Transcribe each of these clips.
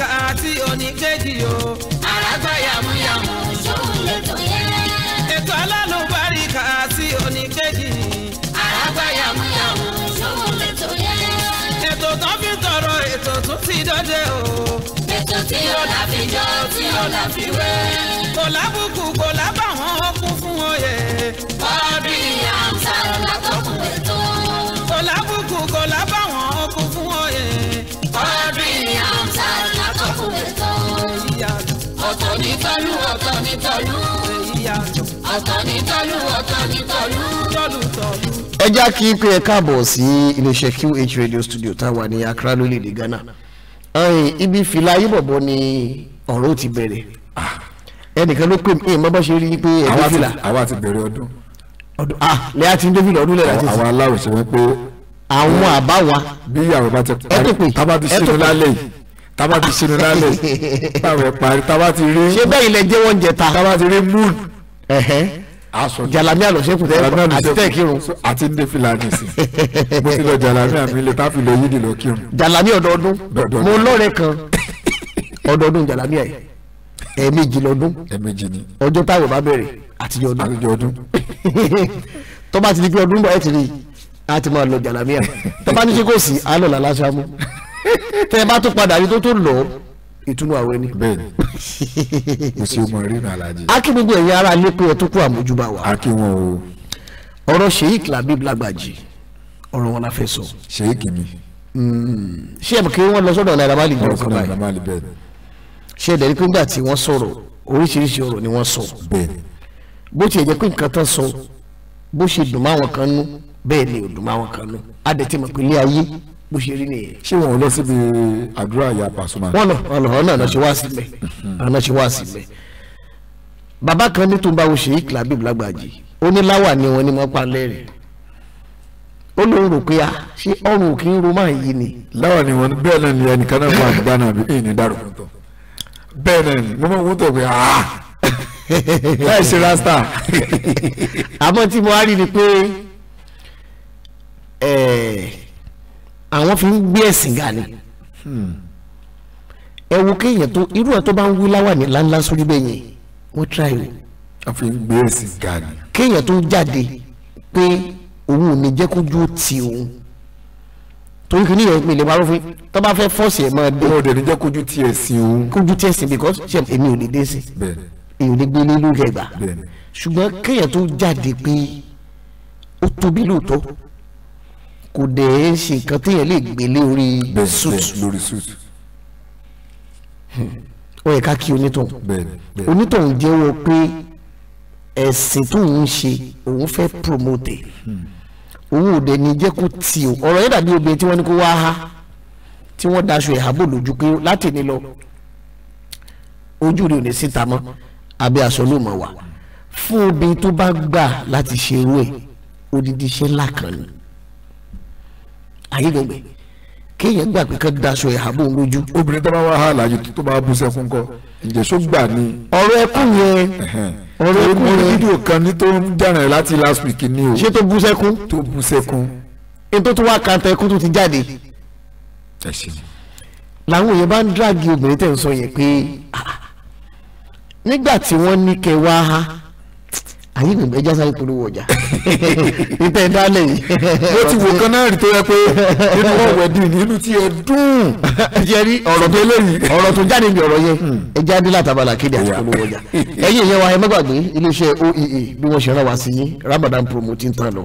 oníkà àti oníkejì o. àràgbá yàmúyàmú ṣòun lè tó yẹ. ètò alálùbáríkà àti oníkejì. àràgbá yàmúyàmú ṣòun lè tó yẹ. ètò tán fi tọrọ ètò tún ti dọ́dẹ o. ètò tí ọ̀la fi jọ tí ọ̀la fi wẹ́. kò lábù. ọ̀tọ̀ ní tọ́lú ọ̀tọ̀ ní tọ́lú. ọ̀tọ̀ ẹ já kí pé ẹ káàbọ̀ sí iléeṣẹ́ QH radio studio táwa ní Accra lórílẹ̀‐èdè Ghana ibi fìlà ayé bọ̀bọ̀ ni ọ̀rọ̀ ti bẹ̀rẹ̀ ah, ẹnìkan ló pè mí mọ́ bá ṣe rí i pé ẹ̀rọ fìlà. àwa ti bẹ̀rẹ̀ ọdún. ọdún ah lẹ́yà tí ń dé fìlà ọdún lẹ́yà tí ń sè. àwọn aláwọ̀ ṣe wọ́n pé. àwọn àbá bí àwọn bá ti parí tábà ti ṣe lálẹ́ yìí tába ti sinu lálẹ́ tábẹ parí tába ti rí. ṣé bẹ́ẹ̀ ilẹ̀ jẹ́ wọ́n jẹta. tába ti rí moon. aṣọ jalami alọsẹkun tẹ àti tẹ kírun. àti ń de filani sí mo ti lọ jalami àmì ilé táfi lọ yídì lọ kírun. jalami ọdọọdún mo lọrẹ kan ọdọọdún jalami ẹ ẹ̀ẹ̀mejì lọ́dún ọjọ́ táwọn bá bẹ̀rẹ̀ àtijọ́ ọdún tó bá ti di pé ọdún bá ẹ ti rí i a ti máa lọ jalami ẹ tó ní kí kò sí a lọ làlásàmú tẹ́ ẹ bá tún padà rí tó tó lọ ìtúnú àwẹ̀ ni. bẹ́ẹ̀ni kò sí ọmọ rí nà alájẹ. akí gbogbo ẹ̀yin ara lé pé ẹ tó kú àmójúbà wa. akí wọn o. ọ̀rọ̀ sheik labib lagbaji ọ̀rọ̀ wọn la fẹ́ sọ. sheik mi. Hmm. ṣé ẹ̀ mọ̀ kí wọ́n lọ sọ́dọ̀ Naira Marley jọ kọ́ báyìí. ṣé ẹ̀dẹ̀ rí pé nígbà tí wọ́n sọ̀rọ̀ oríṣiríṣi ọ̀rọ̀ ni wọ́n sọ. bó ti jẹ́ pé nǹkan tán sọ bó ṣe dùn máwọn kan nú bẹ́ẹ̀ ni ò dùn máwọn kan nú. adẹ̀ ti ayé bó ṣe rí nìyẹn. ṣé wọn ò lọ síbi àdúrà ìyá Pasuma. wọn lọ wọn lọ wọn náà ṣe wá síbẹ̀ wọn náà ṣe wá síbẹ̀. bàbá kan ní tó ń bá wo ṣèyí Labib Lagbaji ó ní láwà ni wọn ní mọ́ palẹ́ rẹ̀ ó lóun rò pé a ṣé ọrùn kì í ro máa yí ni. láwà ni wọn bẹ́ẹ̀ náà ni ẹnìkan náà máa gbá bí èyí ni dàrú bẹ́ẹ̀ náà ni mo máa wọ́n pé aah láì ṣe rasta. àmọ́ tí mo á rí ni pé ẹ̀ẹ́. Eh, àwọn fi ń gbé ẹ̀sìn ga ni ẹ wo kéèyàn tó irú ẹ tó bá ń wí láwà ní láńlá sórí bẹ́ẹ̀ yẹn wọ́n tíráì o. a fi ń gbé ẹ̀sìn ga ni. kéèyàn tó jáde pé òun ò ní jẹ́ kójú ti òun torí kìíní yẹn mi lè parọ́ fún yín tó bá fẹ́ fọ́ọ̀sì ẹ̀ máa dé. o dẹ̀ ní jẹ́ kójú ti ẹ̀sìn òun. kójú ti ẹ̀sìn because ṣe èmi ò lè dé sí i èmi ò lè gbé lé lórí ẹ̀gbà ṣùgbọ́n kéèyàn tó jáde pé ó tóbi lóòótọ́ kò dẹ̀ ṣe nǹkan téèyàn lè gbélé orí suit ó yẹ ká kí onítọ̀hún onítọ̀hún jẹ́wọ́ pé ẹ̀sìn tó ń ṣe òun fẹ́ promote hmm. òun ò dẹ̀ ní jẹ́ kó tì ó ọ̀rọ̀ yẹn dàbí obìnrin tí wọ́n ní kó wá há tí wọ́n daṣọ ìhábò lójú pé láti ní lọ ojú rẹ̀ ò ní síta mọ́ abẹ́ aṣọ ló mọ̀ wá fún obìnrin tó bá gbà láti ṣe irú ẹ̀ odidi iṣẹ́ ńlá kan ni ayédègbè kéèyàn gbà pé kán daṣọ ìhàbò lójú. obìnrin tó bá wá hàlà yìí tó bá bú sẹ́kún kọ́ ìjẹ́sọ gbà ni. ọ̀rọ̀ ẹkún yẹn ọ̀rọ̀ ẹkún yẹn. orí fídíò kan ní tó ń jàrán láti last week ni o. ṣé tó bú sẹ́kún. tó bú sẹ́kún. ètò tó wá kan tẹ ẹkún tó ti jáde. ẹ ṣe. làwọn èèyàn bá ń dráàgì obìnrin tẹ̀ ń sọ yẹn pé ah, ah, ah. nígbà tí wọ́n ní kẹ́ wá ha ayé gbègbè ẹja sáré polówó ọjà níta ẹ̀dá lẹ̀ yìí. mo ti wò kan náà rí tó yẹ pé nínú ọ̀wẹ̀dì nínú tí ẹ dùn. jẹ́rí ọ̀rọ̀ tó léyìí. ọ̀rọ̀ tó jáde ní ọ̀rọ̀ yẹn hmm. ẹja dé látàbàlà kéde àti polówó ọjà. ẹ̀yin ìyẹn wa ẹ má iléeṣẹ́ oea bí wọ́n ṣe rán wa sí yín Ramadan promoting tán lọ.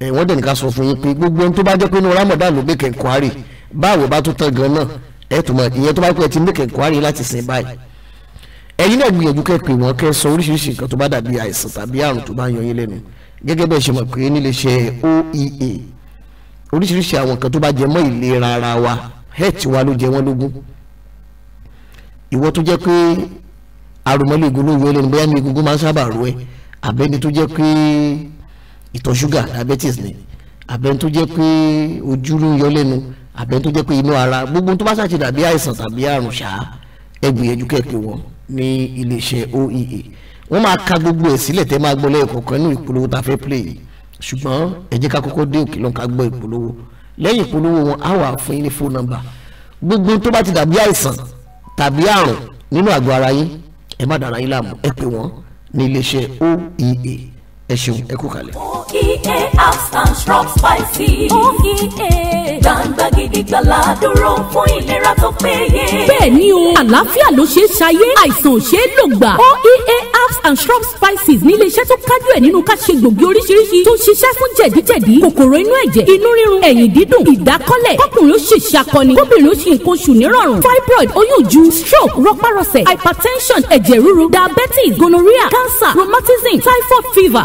wọ́n dẹ̀ nìkan sọ fún yín pé gbogbo ohun tó bá jẹ́ pé inú Ramadan ló make inquiry báwo bá tó tán gan náà ẹ̀ tó mọ̀ ìyẹn tó bá pẹ́ ẹ̀yin náà gbìyànjú kẹ́ pè wọ́n kẹ́ sọ oríṣiríṣi nǹkan tó bá dàbí àìsàn tàbí àrùn tó bá ń yọ yín lẹ́nu gẹ́gẹ́ bẹ́ẹ̀ ṣe mọ̀ pé níléeṣẹ́ oea oríṣiríṣi àwọn nǹkan tó bá jẹ mọ́ ìlera ara wa health wa ló jẹ wọ́n lógún ìwọ tó jẹ́ pé arúmọ́lẹ́gun ló yọ lẹ́nu bóyá ní egungun máa ń sábà ro ẹ àbẹ́ni tó jẹ́ pé ìtọ̀ ṣúgà diabetes ni àbẹ́ni tó jẹ́ pé ojú ló ń yọ lẹ́nu àbẹ́ni tó jẹ́ pé inú ara gbogbo tó bá ṣàṣe dàbí àìsàn tàbí àrùn ṣáá ẹ gbìyànjú kẹ́ pè ní iléeṣẹ́ oea wọ́n máa ka gbogbo ẹ̀ sílẹ̀ tẹ́ máa gbọ́ lẹ́ẹ̀kọ̀ọ̀kan nínú ìpolówó tá a fẹ́ play yìí ṣùgbọ́n ẹ jẹ́ ká kọ́kọ́ dé òkè lọ́n ká gbọ́ ìpolówó lẹ́yìn ìpolówó wọn á wà fún yín ní fóònù nọ́mbà gbogbo tó bá ti dàbí àìsàn tàbí àrùn nínú àgọ́ ara yín ẹ má dàra yín láàmú ẹ pè wọ́n ní iléeṣẹ́ oea ẹ ṣeun ẹ kú kalẹ̀. oea herbs and shrub spices. oea gbangba gidigbala dúró fún ìlera tó péye. bẹ́ẹ̀ ni o àlàáfíà ló ṣe é ṣayé àìsàn ò ṣe é lò gbà. oea herbs and shrub spices ní iléeṣẹ́ tó kájú ẹ̀ nínú ká ṣe gbòógì oríṣiríṣi tó ṣiṣẹ́ fún jẹ̀díjẹ̀dí kòkòrò inú ẹ̀jẹ̀ inú rírun ẹ̀yìn dídùn ìdákọ́lẹ̀ kọ́kùnrin ó ṣe ṣakọni kóbìnrin ó ṣe nǹkan oṣù nírọ̀rùn fibroid oyún ju stroke rọpárọsẹ̀ hypertension ẹ̀jẹ̀ ríru diabetes gonorrhea cancer rheumatism typhoid fever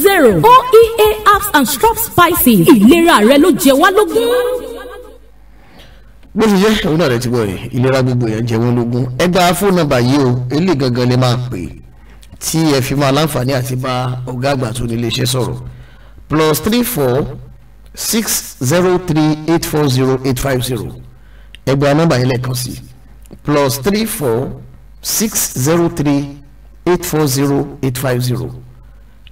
zero oea herbs and strong spices ìlera rẹ ló jẹ wá lógún bó ṣe jẹ́ òun náà rẹ̀ ti wọ̀ rẹ̀ ìlera gbogbo èèyàn jẹ́ wọ́n lógún ẹ gba fóònù nọ́mbà yìí o eléyìí gangan lè máa pè tí ẹ fi máa láǹfààní àti bá ọ̀gá àgbà tó ní iléeṣẹ́ sọ̀rọ̀ plus three four six zero three eight four zero eight five zero ẹ gba nọ́mbà yìí lẹ́ẹ̀kan sí plus three four six zero three eight four zero eight five zero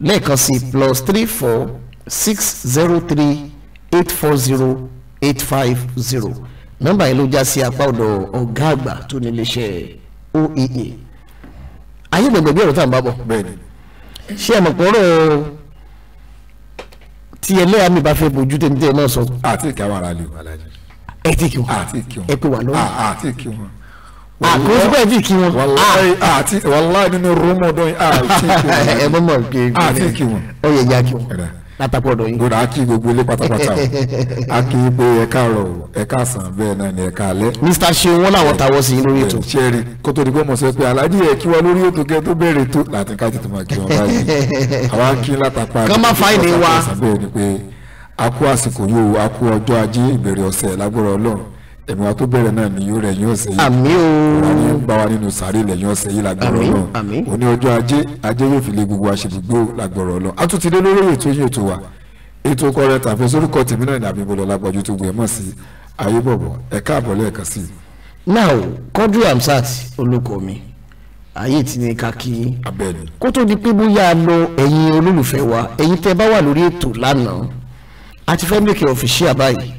lẹ́ẹ̀kan sí plus three four six zero three eight four zero eight five zero nọ́mbà yìí ló já sí apá ọ̀dọ̀ ọ̀gá àgbà tó níléeṣẹ́ oea ayé gbẹgbẹ bí ọ̀rọ̀ tá à ń bá bọ̀ ṣé ẹ mọ̀ pé ọ̀rọ̀ tí ẹlẹ́yà mi bá fẹ́ bójú tèmi tẹ́ ẹ náà sọ. àti ìkàwé ara lè wà lájú. ẹ ti kí wọn ẹ pè wà lọ́wọ́. àti kí àkóso pẹ̀ tí kí wọn. Ah. àti wàláì nínú rúmọ̀ dọ́yìn àti kí wọn. ẹ mọ̀ mọ̀ kí ah, àti kí wọn. ó yẹ ya kí wọn látàpọ̀ dọ̀yìn. gbọdọ̀ a kí gbogbo ilé pátápátá o a kì í pé ẹ káàárọ̀ o ẹ káàsán bẹ́ẹ̀ náà ni ẹ káalẹ́. Mr. Ṣeun wọn làwọn tawọ sí i lórí ètò. sẹ́ẹ̀rì kó tó di pé mo sọ pé aláàjì ẹ̀ kí wọ́n lórí ètò kẹ́ tó bẹ̀rẹ̀ tó láti ká tètè máa kí wọn báyìí àwa kí látàpá. kán má fáìlì wa. bẹ́ẹ̀ ni pé a kú àsìkò yóò a kú ọjọ́ ajé ìbẹ̀rẹ̀ ọ̀sẹ̀ lágbára ẹ̀mí wa tó bẹ̀rẹ̀ náà ni yóò rẹ̀ yóò ṣe yìí. àmì o. ìwà ni ń bá wa nínú sàárè lẹ̀ yóò ṣe yìí lágbọ̀rọ̀ náà. àmì àmì. òní ọjọ́ ajé ajé yóò fi lè gbogbo àṣebùgbò lágbọ̀rọ̀ lọ. a tún ti dé lórí ètò yín ètò wa ètò ọkọ rẹ tàbí sórúkọ tèmi náà ní àbíbọ̀lọ̀ lágbàjú tó gbẹ̀mọ̀ sí ayé bọ̀bọ̀ ẹ̀ káàbọ̀ lẹ́ẹ̀kan sí i. now Quadri Hamzat olóko mi ayé ti ní kakí kó tó di pé bóyá a lọ ẹ̀yin olólùfẹ́ wa ẹ̀yin tẹ́ bá wà lórí ètò lánàá a ti fẹ́ mẹ́kẹ́ ọ̀fíṣíà báyìí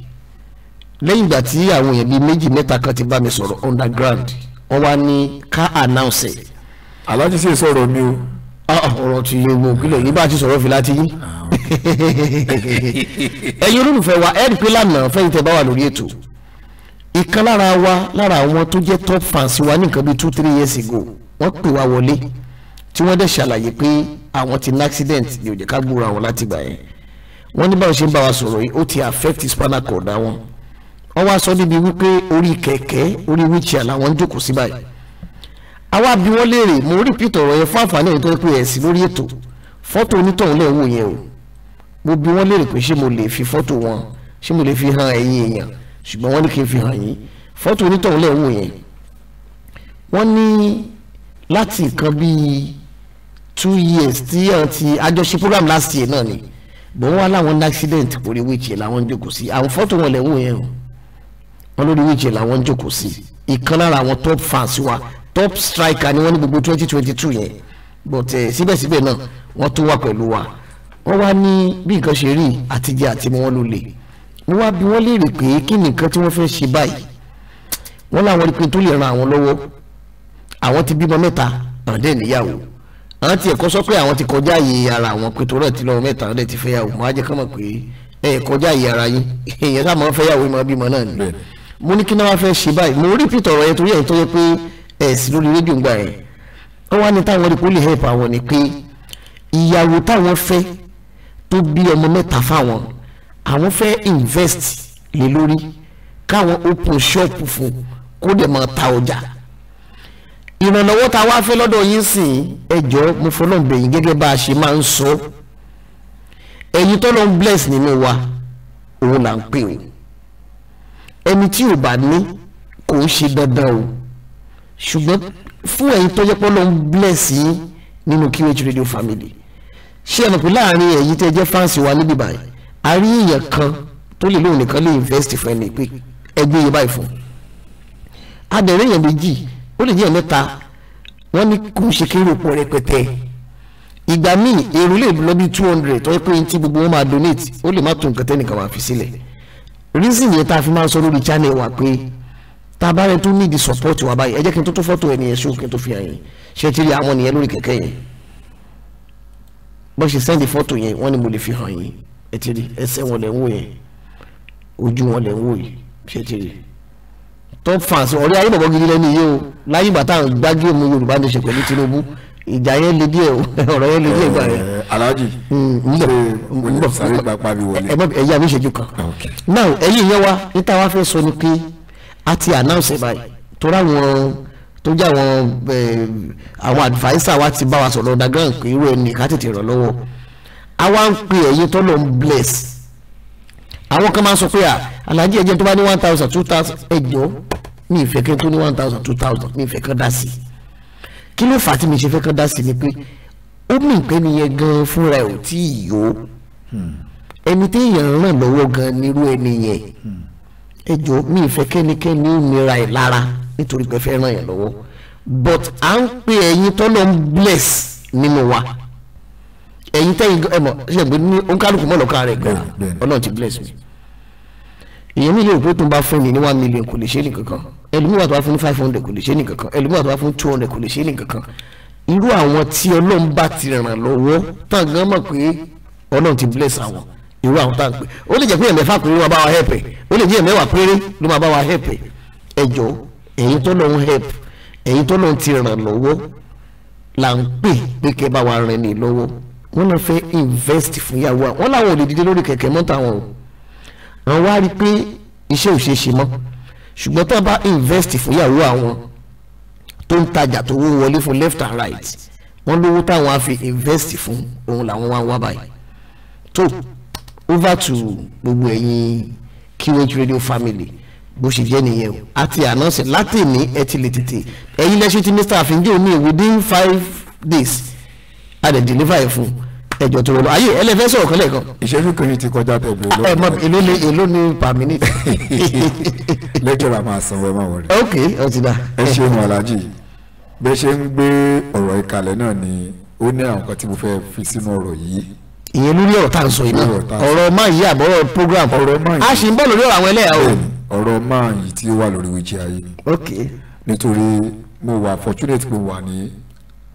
lẹ́yìn ìgbà tí àwọn èèyàn bíi méjì mẹ́ta kan ti bá mi sọ̀rọ̀ underground wọ́n wá ní ká announce ẹ̀. aláàjì sì sọ̀rọ̀ mi o. Ah, ah, ọ̀rọ̀ tí mo kílẹ̀ yìí bá ti sọ̀rọ̀ fi láti yín. ẹ̀yin olólùfẹ́ wa ẹ̀ ń pè lánàá fẹ́yìn tẹ́ bá wà lórí ètò ìkan lára wa lára àwọn tó jẹ́ top fans wa ní nǹkan bíi two three years ago wọ́n pè wá wọlé tí wọ́n dẹ̀ ṣàlàyé pé àwọn ti ní accident ní òjẹ̀ká gbúra wọn láti gbà yẹn wọ́n ní báwọn ṣe ń bá wa sọ̀rọ̀ yìí ó ti affect spinal cord àwọn wọ́n wá sọ níbi wípé orí kẹ̀kẹ́ orí wheelchair làwọn ń jókòó sí báyìí àwa bí wọ́n léèrè mo repeat ọ̀rọ̀ yẹn fún àǹfààní ẹ̀yìn tó ń pè ẹ̀ sí lórí ètò fọ́tò onítọ̀hún lẹ̀ wò yẹn o mo bí wọ́n léèrè pé ṣé mo lè fi fọ́tò wọn ṣé mo lè fi hàn ẹ̀yin èèyàn ṣùgbọ́n wọ́n ní kí n fi hàn yín fọ́tò onítọ̀hún lẹ̀ wò yẹn wọ́n ní láti nǹkan bíi two years tí àwọn ti àjọṣe program last year náà ni bọ́n wá láwọn ní accident orí wíìchì làwọn jókòó sí àwọn fọ́tò wọn lẹ̀ wò yẹn o wọn lórí wíjì làwọn ń jókòó sí ìkan lára àwọn top fans wa top striker ni wọn ní gbogbo twenty twenty two yẹn but eh, síbẹ̀síbẹ̀ náà wọ́n tún wà pẹ̀lú wa wọ́n wá ní bí nǹkan ṣe rí àtijọ́ àti wọn ló lè wọ́n wá bí wọ́n léèrè pé kí ni nǹkan tí wọ́n fẹ́ ṣe báyìí wọ́n láwọn rí pé tó lè ran àwọn lọ́wọ́ àwọn ti bímọ mẹ́ta àdé níyàwó àwọn ti ẹ̀kọ́ sọ pé àwọn ti kọjá àyè ara àwọn pé torọ́ ti lọ́wọ́ mẹ́ta àdé ti fẹ́yàwó wọ́n á jẹ́ kán pé ẹ̀ kọjá àyè ara yín èèyàn sáà máa fẹ́yàwó máa bímọ náà ni mo ní kí náà wá fẹ́ ṣe báyìí mo repeat ọ̀rọ̀ yẹn torí ẹ̀ tó yẹ pé ẹ̀ sí lórí rédíò ńgbà yẹn ó wá ní táwọn olùkọ́ lè help àwọn ni pé ìyàwó táwọn fẹ́ tó bí ọmọ mẹ́ta fáwọn àwọn fẹ́ invest lé lórí káwọn open shop fún kó dẹ̀ máa ta ọjà ìrànlọ́wọ́ tá a wá fẹ́ lọ́dọ̀ yín sìn ẹjọ́ mo fọlọ́n bẹ̀yìn gẹ́gẹ́ bá a ṣe máa ń sọ ẹ̀yin tọ́lọ́ ń bless nínú wa òun là ń pè o ẹni tí ò bá ní kò ń ṣe dandan o ṣùgbọ́n fún ẹ̀yin tó jẹ́ pé Ọlọ́run bless yín nínú QH radio family ṣé ẹ mọ̀ pé láàrin ẹ̀yin tẹ́ jẹ́ fáǹsì wa níbí báyìí a rí èèyàn kan tó lè lóun nìkan lè invest fún ẹni pé ẹgbẹ́ yẹn báyìí fún adẹ̀rẹ́ èèyàn méjì ó lè jẹ́ ẹ̀ mẹ́ta wọ́n ní kò ń ṣe kéré òpó rẹpẹtẹ ìgbà míì èrò lè lọ bí two hundred tó yẹ pé ní tí gbogbo wọn máa donate ó lè má tó nǹkan tẹ́nìkan máa fi sílẹ̀ reason yẹn tá a fi máa ń sọ lórí channel wa pé tá a bá rẹ tó need support wa báyìí ẹ jẹ́ kí n tó tó fọ́tò ẹ̀ nìyẹn ṣó kí n tó fi hàn yín àwọn nìyẹn lórí kẹ̀kẹ́ yẹn bọ́n ṣe sẹ́ndì fọ́tò yẹn wọ́n ní mo lè fi hàn yín ẹ ẹsẹ̀ wọn lẹ̀ ń wò yẹn ojú wọn lẹ̀ ń wò yìí ṣe top fans ọ̀rẹ́ ayé bàbá gidi lẹ́nu yìí o láyé bàtà gbági òmu Yorùbá ní ṣe pẹ̀lú Tinubu ìjà yẹn le díẹ̀ ọ̀rọ̀ yẹn le díẹ̀ gbà yẹn. Eh, alhaji nbọ nbọ sáré pàápàá mi wọlé. ẹ yà mí ṣẹ́jú kan now ẹ̀yin yẹn wa níta wá fẹ́ sọ ni pé a ti announce báyìí torí àwọn tó jẹ́ àwọn eh, àwọn adviser wa ti bá wa sọ̀rọ̀ underground pé irú ẹni ká tètè ràn lọ́wọ́ àwa ń pè ẹ̀yin tó lọ ń bless àwọn kan máa ń sọ pé alhaji ẹ̀jẹ̀ tó bá ní one thousand two thousand ẹ̀jọ̀ ní ìfẹ́ kí n tó ní one thousand two thousand ní ìfẹ́ kan dá sí i kí ló fà á tí mi ṣe fẹ́ kán dá sí ni pé ó mì pé nìyẹn gan fúnra ẹ̀ ò tí ì yó ẹni téèyàn ń ràn lọ́wọ́ gan nírú ẹni yẹn ẹ jọ mi ìfẹ́ kẹ́nikẹ́ni ó nira ẹ̀ lára nítorí pé fẹ́ ràn yẹn lọ́wọ́ but à ń pe ẹ̀yin tọ́lọ́ ń bless nínú wa ẹ̀yin tẹ́yin ẹ mọ̀ ṣe pé ní oníkálukú mọ̀ lọ́kàn rẹ̀ gan ọlọ́run ti bless mi èèyàn mi lè pé tó bá fún mi ní one million kò lè ṣe é nìkan kan ẹlòmíwà tó bá fún five hundred kò lè ṣe nìkan kan ẹlòmíwà tó bá fún two hundred kò lè ṣe nìkan kan irú àwọn tí ọlọ́run bá ti ràn lọ́wọ́ tán gan mọ̀ pé ọlọ́run ti bless àwọn irú àwọn tá à ń pè ó lè jẹ́ pé ẹ̀mẹ́fà péré ló máa bá wa help ẹ̀ ó lè jẹ́ ẹ̀mẹ́wà péré ló máa bá wa help ẹ̀ ẹ̀jọ̀ ẹ̀yin tó lọ́run help ẹ̀yin tó lọ́run ti ràn lọ́wọ́ là ń pè pé kẹ́ bá wa ràn ní lọ́wọ́ wọ́n lọ fẹ́ invest fún ìyàwó àwọn wọ́n ò lè dìde lórí kẹ̀kẹ́ mọ́ta wọn o àwọn wá rí pé iṣẹ́ ò ṣeé ṣe mọ́ ṣùgbọ́n tó bá invest fún ìyàwó àwọn tó ń tajà tó wó wọlé fún left and right wọ́n lówó táwọn á fi invest fún òun làwọn wá wá báyìí tó over to gbogbo ẹ̀yin QH radio family bó ṣe jẹ́ nìyẹn o àti ànánsẹ̀ láti ní ẹ ti lè tètè ẹ̀yin lẹ́sìn tí mr àfíńjọ́ ní within five days a dẹ̀ deliver ẹ̀ fún un ẹjọ tó lọ ayé ẹlẹfẹ sọ̀rọ̀ kan lẹ́ẹ̀kan. ìṣẹ́jú kiri ti kọjá bẹ̀bẹ̀ ló. ẹ mọ èló ni èló ni per minute. lẹ́kẹ̀rẹ́ a máa sanwó ẹ máa wọlé. ok ó ti dá. ẹ ṣe mọ aláàjì bẹ́ẹ̀ ṣe ń gbé ọ̀rọ̀ ìkàlẹ̀ náà ni ó ní àwọn kan tí mo fẹ́ fi sínú ọ̀rọ̀ yìí ìyẹn lórí ọ̀rọ̀ tá à ń sọ yìí ọ̀rọ̀ máa yí àbọ̀rọ̀ program a sì ń bọ̀ lórí ọ̀rọ̀ àwọn ẹlẹ́yà o. ọ̀rọ̀ máa yìí tí wà lórí wíjì ayé ni nítorí mo wà fortunate pé mo wà ní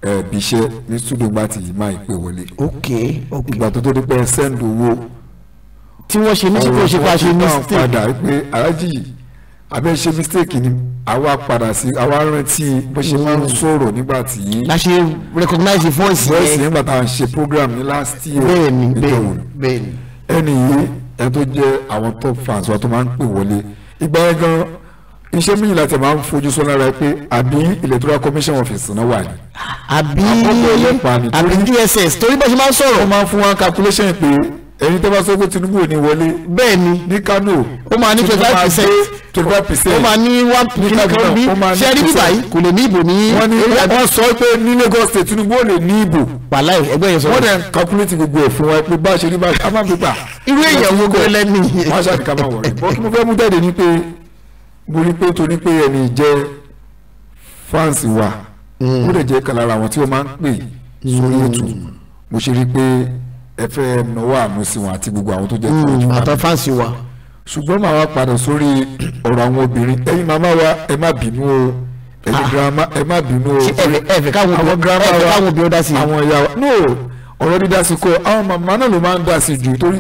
ẹbí iṣẹ́ ní studio gba ti máa ìpè wọlé. ok ok ìgbà tó tó di pé send owó. tí wọ́n ṣe ní ṣe kó ṣe pa ṣe mistake. padà pé aláàjì abẹ́ ṣe mistake ni àwa padà sí àwa rántí bó ṣe máa ń mm. sọ̀rọ̀ nígbà tí. la ṣe recognize voice yẹn. voice yẹn nígbà tá à ń ṣe program ní last year. bẹ́ẹ̀ni bẹ́ẹ̀ni bẹ́ẹ̀ni. ẹni yìí ẹni tó jẹ́ àwọn top fans wa tó máa ń pè wọlé ìgbà yẹn gan-an iṣẹ́ méjì láti máa ń fojú sọ́nà rẹ pé àbí electoral commission office náà wà ní. àbí àbí DSS torí bá ṣe máa ń sọ̀rọ̀. ó máa ń fún wa calculation pé ẹni tó bá sọ pé Tinubu ò ní wọlé. bẹ́ẹ̀ni ní Kano ó máa ní twenty five percent twenty five percent ó máa ní one percent kan bí ṣe rí bíbá yìí kò lè ní ìbò ní. wọ́n ní wọ́n sọ pé ní Lagos state Tinubu ò lè ní ìbò. wàhálà ẹgbẹ́ yẹn sọ. wọ́n dẹ̀ calculate gbogbo ẹ̀ fún wa pé bá a ṣe rí bá a máa gbégbà. irú èèyàn gbogbo ẹlẹ́ni. wọ́n ṣàdìkà máa wọ̀ rẹ̀ mo fẹ́ mú jáde ní pé mo rí pé torí pé ẹni jẹ́ fans wa ó lè jẹ́ kan lára àwọn tí wọ́n máa ń pè sórí ètò mo ṣe rí pé ẹ fẹ́ náwó àánú sí wọn àti gbogbo àwọn tó jẹ́ kí wọ́n àtà fáǹsì wa. ṣùgbọ́n màá wá padà sórí ọ̀rọ̀ àwọn obìnrin ẹ̀yin màmá wa ẹ má bínú o ẹ̀yin ah. girama ẹ má bínú o ẹ̀fẹ̀ káwọn girama wa àwọn obìnrin dá ìyá wa no ọ̀rọ̀ dídá sí kọ́ àwọn màmá náà ló máa ń dá sí jù torí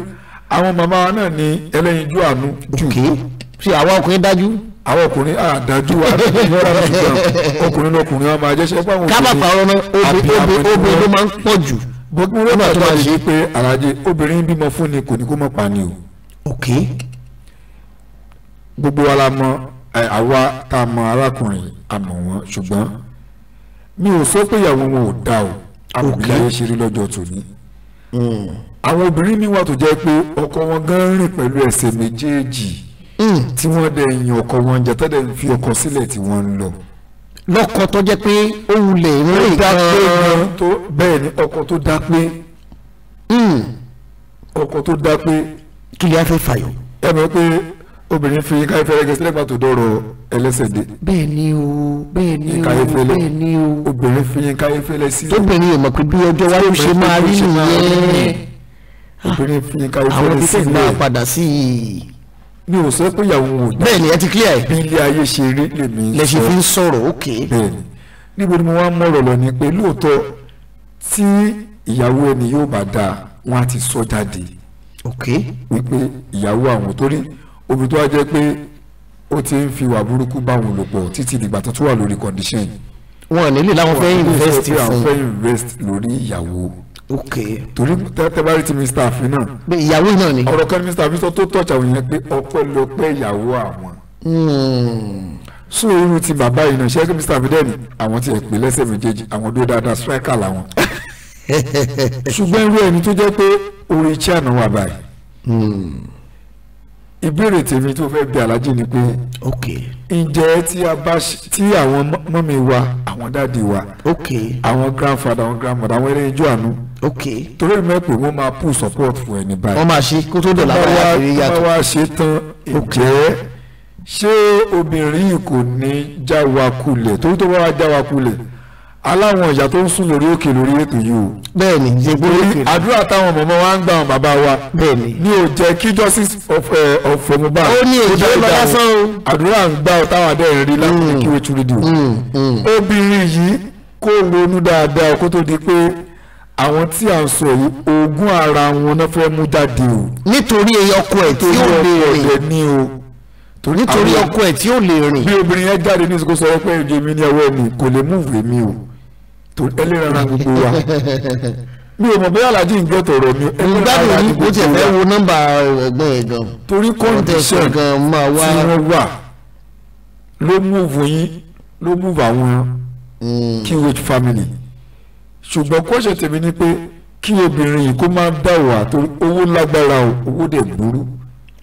àwọn màmá wa náà ní ẹlẹ́yinjú àánú jù. ṣe àwa ọkùnrin dájú àwọn ọkùnrin àdájú àdájúmọ́ra ṣùgbọ́n ọkùnrin ọkùnrin ọmọ ajẹ́sẹ́ pé àwọn obìnrin àbí obìnrin ló máa ń pọ̀ jù. gbogbo rẹ́pà tó máa ṣe pé àràjẹ obìnrin bímọ fún ni kò ní kó mọ̀ pa ni o. ok. gbogbo wa la mọ àwa tá a mọ arákùnrin àmọ́ wọn ṣùgbọ́n mi ò sọ pé ìyàwó wọn ò dá o àmọ̀bí ayé ṣe rí lọ́jọ́ tòní. Hmm. àwọn obìnrin mi wà tó jẹ́ pé ọkọ wọn gan rìn pẹ̀lú ẹsẹ̀ méjèèjì. Hmm. tí wọ́n dẹ̀ yan ọkọ wọn jẹ tẹ́lẹ̀ ń fi ọkọ sílẹ̀ tí wọ́n ń lọ. lọ́kọ tó jẹ́ pé ó wulẹ̀ ìwé ìkan tó bẹ́ẹ̀ ni ọkọ tó dá pé hmm. ọkọ tó dá pé. kí lè fẹ́ fàyọ. ẹ mọ̀ pé obìnrin fi ká ìfẹ́ rẹ̀ sílẹ̀ pàtó dọ̀rọ̀ ẹlẹ́sẹ̀ dé. bẹ́ẹ̀ ni o bẹ́ẹ̀ ni o bẹ́ẹ̀ ni o. obìnrin fi ká ìfẹ́ rẹ̀ sílẹ̀. tóbìnrin yóò mọ̀ pé bí ọjọ́ wáyé ṣe máa rí nìyẹn. obìnrin fi ká ìfẹ́ rẹ̀ àwọn ibi tẹ̀ ń padà sí i mi ò sọ pé ìyàwó wò ní. bẹ́ẹ̀ ni ẹ ti clear ẹ. bí ilé ayé ṣe rí lèmi sọ lè ṣe fi ń sọ̀rọ̀ òkè. bẹ́ẹ̀ni níbo ni mo wá mọ̀rọ̀ lọ ni pé lóòótọ́ tí ìyàwó ẹni yóò bá dáa wọn á ti sọ jáde. ok wípé ìyàwó àwọn torí obì tó wá jẹ́ pé ó ti ń fi wà burúkú bá wọn lò pọ̀ títí dìgbà tó tún wà lórí condition. wọn ò ní lè láwọn fẹ́ invest fún un. wọn ò ní lè láwọn fẹ́ invest lórí ìyàwó ok torí tẹ́tẹ́bárì ti mr àfin náà. bẹ́ẹ̀ ìyàwó náà ni. ọ̀rọ̀ kan mr àfin sọ tó tọ̀ọ̀tì àwọn yẹn pé ọpẹ́lọpẹ́ ìyàwó àwọn. Hmm. so irun ti bàbá yìí náà ṣẹ́kí mr àfin dẹ́ni àwọn ti ẹ̀pẹ́ lẹ́sẹ̀ méjèèjì àwọn dúró dáadáa striker làwọn. ṣùgbọ́n irú ẹni tó jẹ́ pé orí china wà báyìí. Hmm ìbéèrè tèmi tó fẹ́ bí alájí ni pé ǹjẹ́ tí a bá tí àwọn mọ́mí wa àwọn dáàdi wa àwọn grandfather àwọn grandmother àwọn eré ijó àánú torí mẹ́pẹ̀ wọ́n máa pull support fún ẹni báyìí. wọ́n máa ṣe kó tó dọ̀là wọ́n wá rí yàtọ̀. wọ́n wá ṣe tán ǹjẹ́ ṣé obìnrin yìí kò ní jáwa torí tó bá wá jáwa aláwọn ìyá tó ń sùn lórí òkè lórí ètò yìí o. bẹ́ẹ̀ni ìjẹgbó òkè rẹ àdúrà táwọn mọ̀mọ́ wa ń gbà wọn bàbá wa. bẹ́ẹ̀ni ni ò jẹ́ kí justice of eh, of ọmọba. ó ní èdè ó o. àdúrà ń gbà ọ táwọn rí láti kí wetu rédíò. obìnrin yìí kó ronú dáadáa kó tó di pé àwọn tí à ń sọ yìí oògùn ara wọn náà fẹ́ mú jáde o. nítorí ọkọ ẹ̀ tí ó lè rìn nítorí ọkọ ẹ̀ tí ó lè rìn. bí obìnrin yẹn jáde ní ìsìnkú sọ pé èdè ní ọwọ́ mi kò lè mú ìwé mi o. ẹlẹ́ran gbogbo wa mi ò mọ̀ bóyá alájí ń gẹ́ tọ̀rọ̀ mi. olùdarí yìí kò tiẹ̀ fẹ́ wo nọ́mbà ẹ̀gbọ́n gan. torí kọ́ńtẹ̀sẹ̀ tí wọ́n wà ló múùfù yín ló múùfù àwọn QH hmm. family ṣùgbọ́n tèmi ni pé kí obìnrin yìí kó máa dá owó lágbára owó dẹ̀ gbúrú.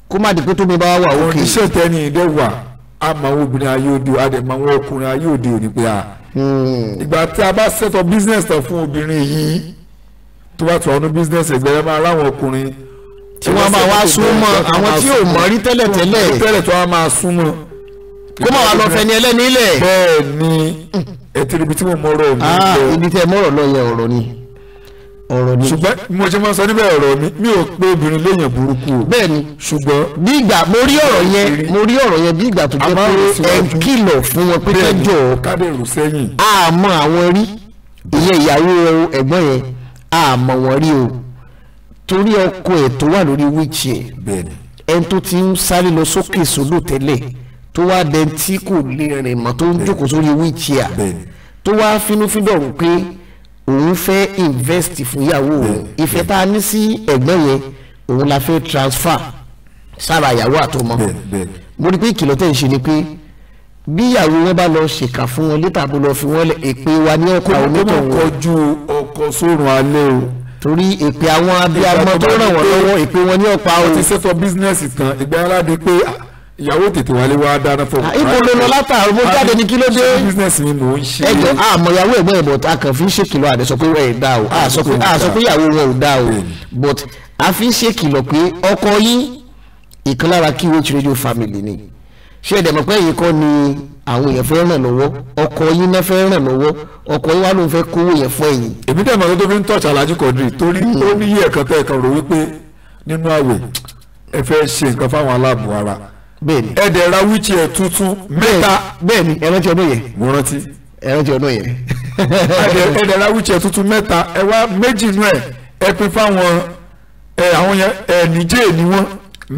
kó má tómi bá wà a máa obìnrin ayé òde a dẹ̀ máa ìgbà tí a bá set up business tán fún obìnrin yìí tó bá tún ọdún business ẹgbẹ́ rẹ máa ráwọn ọkùnrin tí wọ́n máa wá súnmọ́ àwọn tí ò mọ̀ rí tẹ́lẹ̀ tẹ́lẹ̀ tẹ́lẹ̀ tó wá máa súnmọ́ kó máa wà lọ fẹ́ ni ẹlẹ́ni ilẹ̀. bẹ́ẹ̀ ni ẹ ti ríbi tí mo mọ̀ ọ̀rọ̀ mi. Ah, ibi tí mọ̀ ọ̀rọ̀ lọ ọ̀rọ̀ ni ọ̀rọ̀ ni. ṣùgbọ́n mo ṣe máa sọ níbẹ̀ ọ̀rọ̀ mi mi ò pé obìnrin léèyàn burúkú o. bẹ́ẹ̀ni ṣùgbọ́n bí ìgbà mo rí ọ̀rọ̀ yẹn mo rí ọ̀rọ̀ yẹn bí ìgbà tó jẹ́ pé ẹ ń kìlọ̀ fún wọn pé kẹjọ kádẹrù sẹ́yìn. àmọ́ àwọn rí ìyẹn ìyàwó ẹ̀gbọ́n yẹn àmọ́ wọn rí o torí ọkọ ẹ̀ tó wà lórí wíìchì ẹ̀ ẹni tó ti ń sáré lọ sókè sódò tẹ́lẹ̀ tó wá dẹni tí kò lè rìn mọ́ tó ń jókòó sórí wíìchì à tó wá fínúfíndọ̀ pé òun fẹ́ invest fúnyàwó òun ìfẹ́ tá a ní sí ẹ̀gbọ́n yẹn òun la fẹ́ transfer sára ìyàwó àtọmọ mo rí pé ìkìlọ̀ tẹ̀ ń ṣe ni pé bí ìyàwó wọn bá lọ ṣèkà fún wọn létà bó lọ fi wọn lẹ èpè wa ní ọkọ àwọn onítọ̀ wọn. kó kọjú ọkọ sórun alẹ́ o. torí èpè àwọn abiyamọ tó ràn wọ́n lọ́wọ́ èpè wọn ní ọ̀pá o. wọ́n ti ṣètò bísínẹ́sì tán ìgbà aládé pé ah, ìyàwó tètè wálé wá dáná fún mi. Ah, ibo ló lọ mo jáde ní kí business mi mò ń ṣe. ẹjọ àmọ́ ìyàwó ẹ̀gbọ́n ẹ but a kàn fi ń ṣèkìlọ̀ àdé sọ pé ẹ dá o a sọ pé a sọ pé ìyàwó wọn ò dá o but a fi ń ṣèkìlọ̀ pé ọkọ yín ìkan lára kí wọ́n ti rédíò family ni ṣé ẹ̀dẹ̀ mọ̀ pé èyí kọ́ ni àwọn èèyàn fẹ́ ràn lọ́wọ́ ọkọ yín náà fẹ́ ràn lọ́wọ́ ọkọ yín wá ló ń fẹ́ kówó yẹn fún ẹ̀yìn. èmi dẹ̀ màá tó fi ń tọ̀ṣà lájú kọ̀dírì torí hmm. ó ní iye ẹ̀kan tẹ́ ẹ̀kan rò wípé nínú àwẹ̀ ẹ fẹ́ ṣe nǹkan fáwọn aláàbò ara bẹ́ẹ̀ni ẹ dẹ̀ ra wíìchì ẹ̀ tuntun mẹ́ta bẹ́ẹ̀ni ẹ rántí ọdún yẹn mo rántí ẹ rántí ọdún yẹn. ẹ dẹ̀ ra wíìchì ẹ̀ tuntun mẹ́ta ẹ wá méjì nú ẹ̀ ẹ pín fáwọn ẹ àwọn yẹn ẹ níjẹ́ ni wọ́n.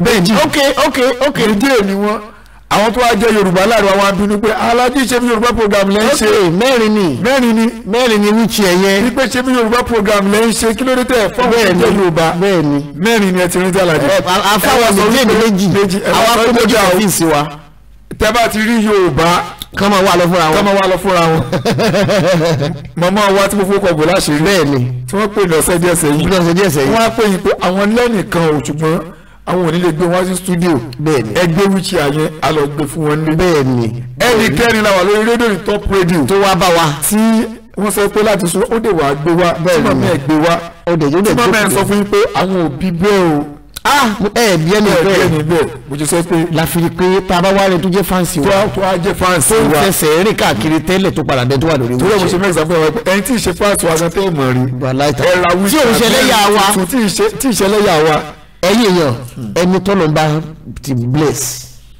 bẹ́ẹ̀ni ok ok ok níjẹ́ ni wọ́n àwọn tó wá jẹ́ yorùbá láàrin wa wá ń bínú pé alájí ṣe fi yorùbá program lẹ́ ń ṣe. ok mẹ́rin ni mẹ́rin ni mẹ́rin ni wíìkì ẹ̀ yẹn. wípé ṣe fi yorùbá program lẹ́ ń ṣe kí ló dé tẹ̀ fọ́ọ̀mù tó yorùbá. bẹ́ẹ̀ni mẹ́rin ni ẹ ti rántí alájí. àfáwọn méjì méjì méjì àwọn akómọjọ ọfíìsì wa. tẹ́ bá ti rí yorùbá. kán máa wá lọ fúnra wọn. kán máa wá lọ fúnra wọn. màmá wa tí mo fowó kọ̀ọ̀bù àwọn onílé gbé wá sí studio ẹgbẹ́ wíṣí àyẹn a lọ gbé fún wọn ní. bẹ́ẹ̀ni ẹnì kẹrin la wà lórí rédíò ní top radio. tó wá bá wa. tí wọ́n sọ pé láti sọ ó dè wá gbé wá tí màmá ẹ̀ gbé wá tí màmá ẹ̀ sọ fún yín pé àwọn òbí bẹ́ẹ̀ o. ah ẹ bí ẹni bẹ́ẹ̀ ẹ bí ẹni bẹ́ẹ̀ mo ti sọ pé. láfiri pé tá a bá wá rẹ tó jẹ́ fáǹsì wa tó a jẹ́ fáǹsì wa tó ń fẹsẹ̀ rìn káàkiri tẹ́lẹ̀ tó padà dé tó wà lórí wíṣẹ́. tó lọ́ mo ṣe mẹ́sàn-án fún ẹ ẹni tí ì ṣe fáǹsì wa gan tẹ́ ẹ̀ mọ̀ rí. ẹ̀ ra wíṣẹ́ tí ì ṣẹlẹ̀ yà wa ẹ̀yin èèyàn ẹni tọ́lọ̀ ń bá ti bless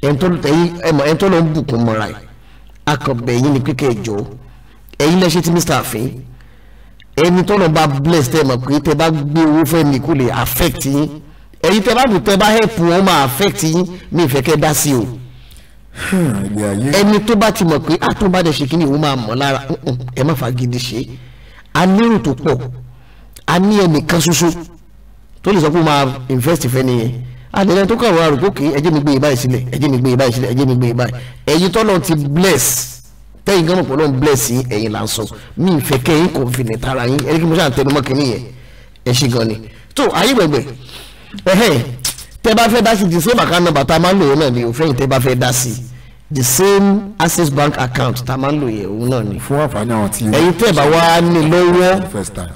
ẹni tọ́lọ̀ ń bùkún mọ́ra ẹ̀ akọ̀bẹ̀ ẹ̀yin ni kíkẹ́ ìjọ ẹ̀yin lẹ́sẹ̀ tí mr àfin ẹni tọ́lọ̀ bá bless tẹ́ mọ̀ pé tẹ́ bá gbé owó fẹ́ mi kó lè affect yín ẹ̀yin tẹ́ bá dùn tẹ́ bá help wọn máa affect yín mi ìfẹ́ kẹ́ dá sí o ẹni tó bá ti mọ̀ pé àtúbàdẹ̀ ah, ṣe kí ni òun máa mọ̀ lára ẹ má fagídí ṣe a ní èrò tó pọ̀ a ní ẹnìkan ṣoṣo tó lè sọ pé máa invest fẹ́ nìyẹn àdìrẹ tó kàwé àrùn kókè ẹjẹ mi gbé e báyìí sílẹ̀ ẹjẹ mi gbé e báyìí sílẹ̀ ẹjẹ mi gbé e báyìí ẹ̀yin tọ́lọ̀ ti bless tẹ́yìn gánà pọ̀ lọ́n bless yín ẹ̀yin là ń sọ mi ìfẹ́ kẹ́yìn kò fi nìta ara yín ẹ̀rí kí mo ṣáà tẹnumọ́ kí nìyẹn ẹ̀ ṣe gan ni tó ayé gbẹ̀gbẹ̀ ẹ̀hẹ́ tẹ́ bá fẹ́ dá sí the same account number tá a máa ń lò yẹn náà ni òfin yìí tẹ́ bá fẹ́ dá sí the same access bank account tá a máa ń lò yẹn òun náà ni fún àǹfààní àwọn tí ẹ̀yin tẹ́ bá wá ní lọ́wọ́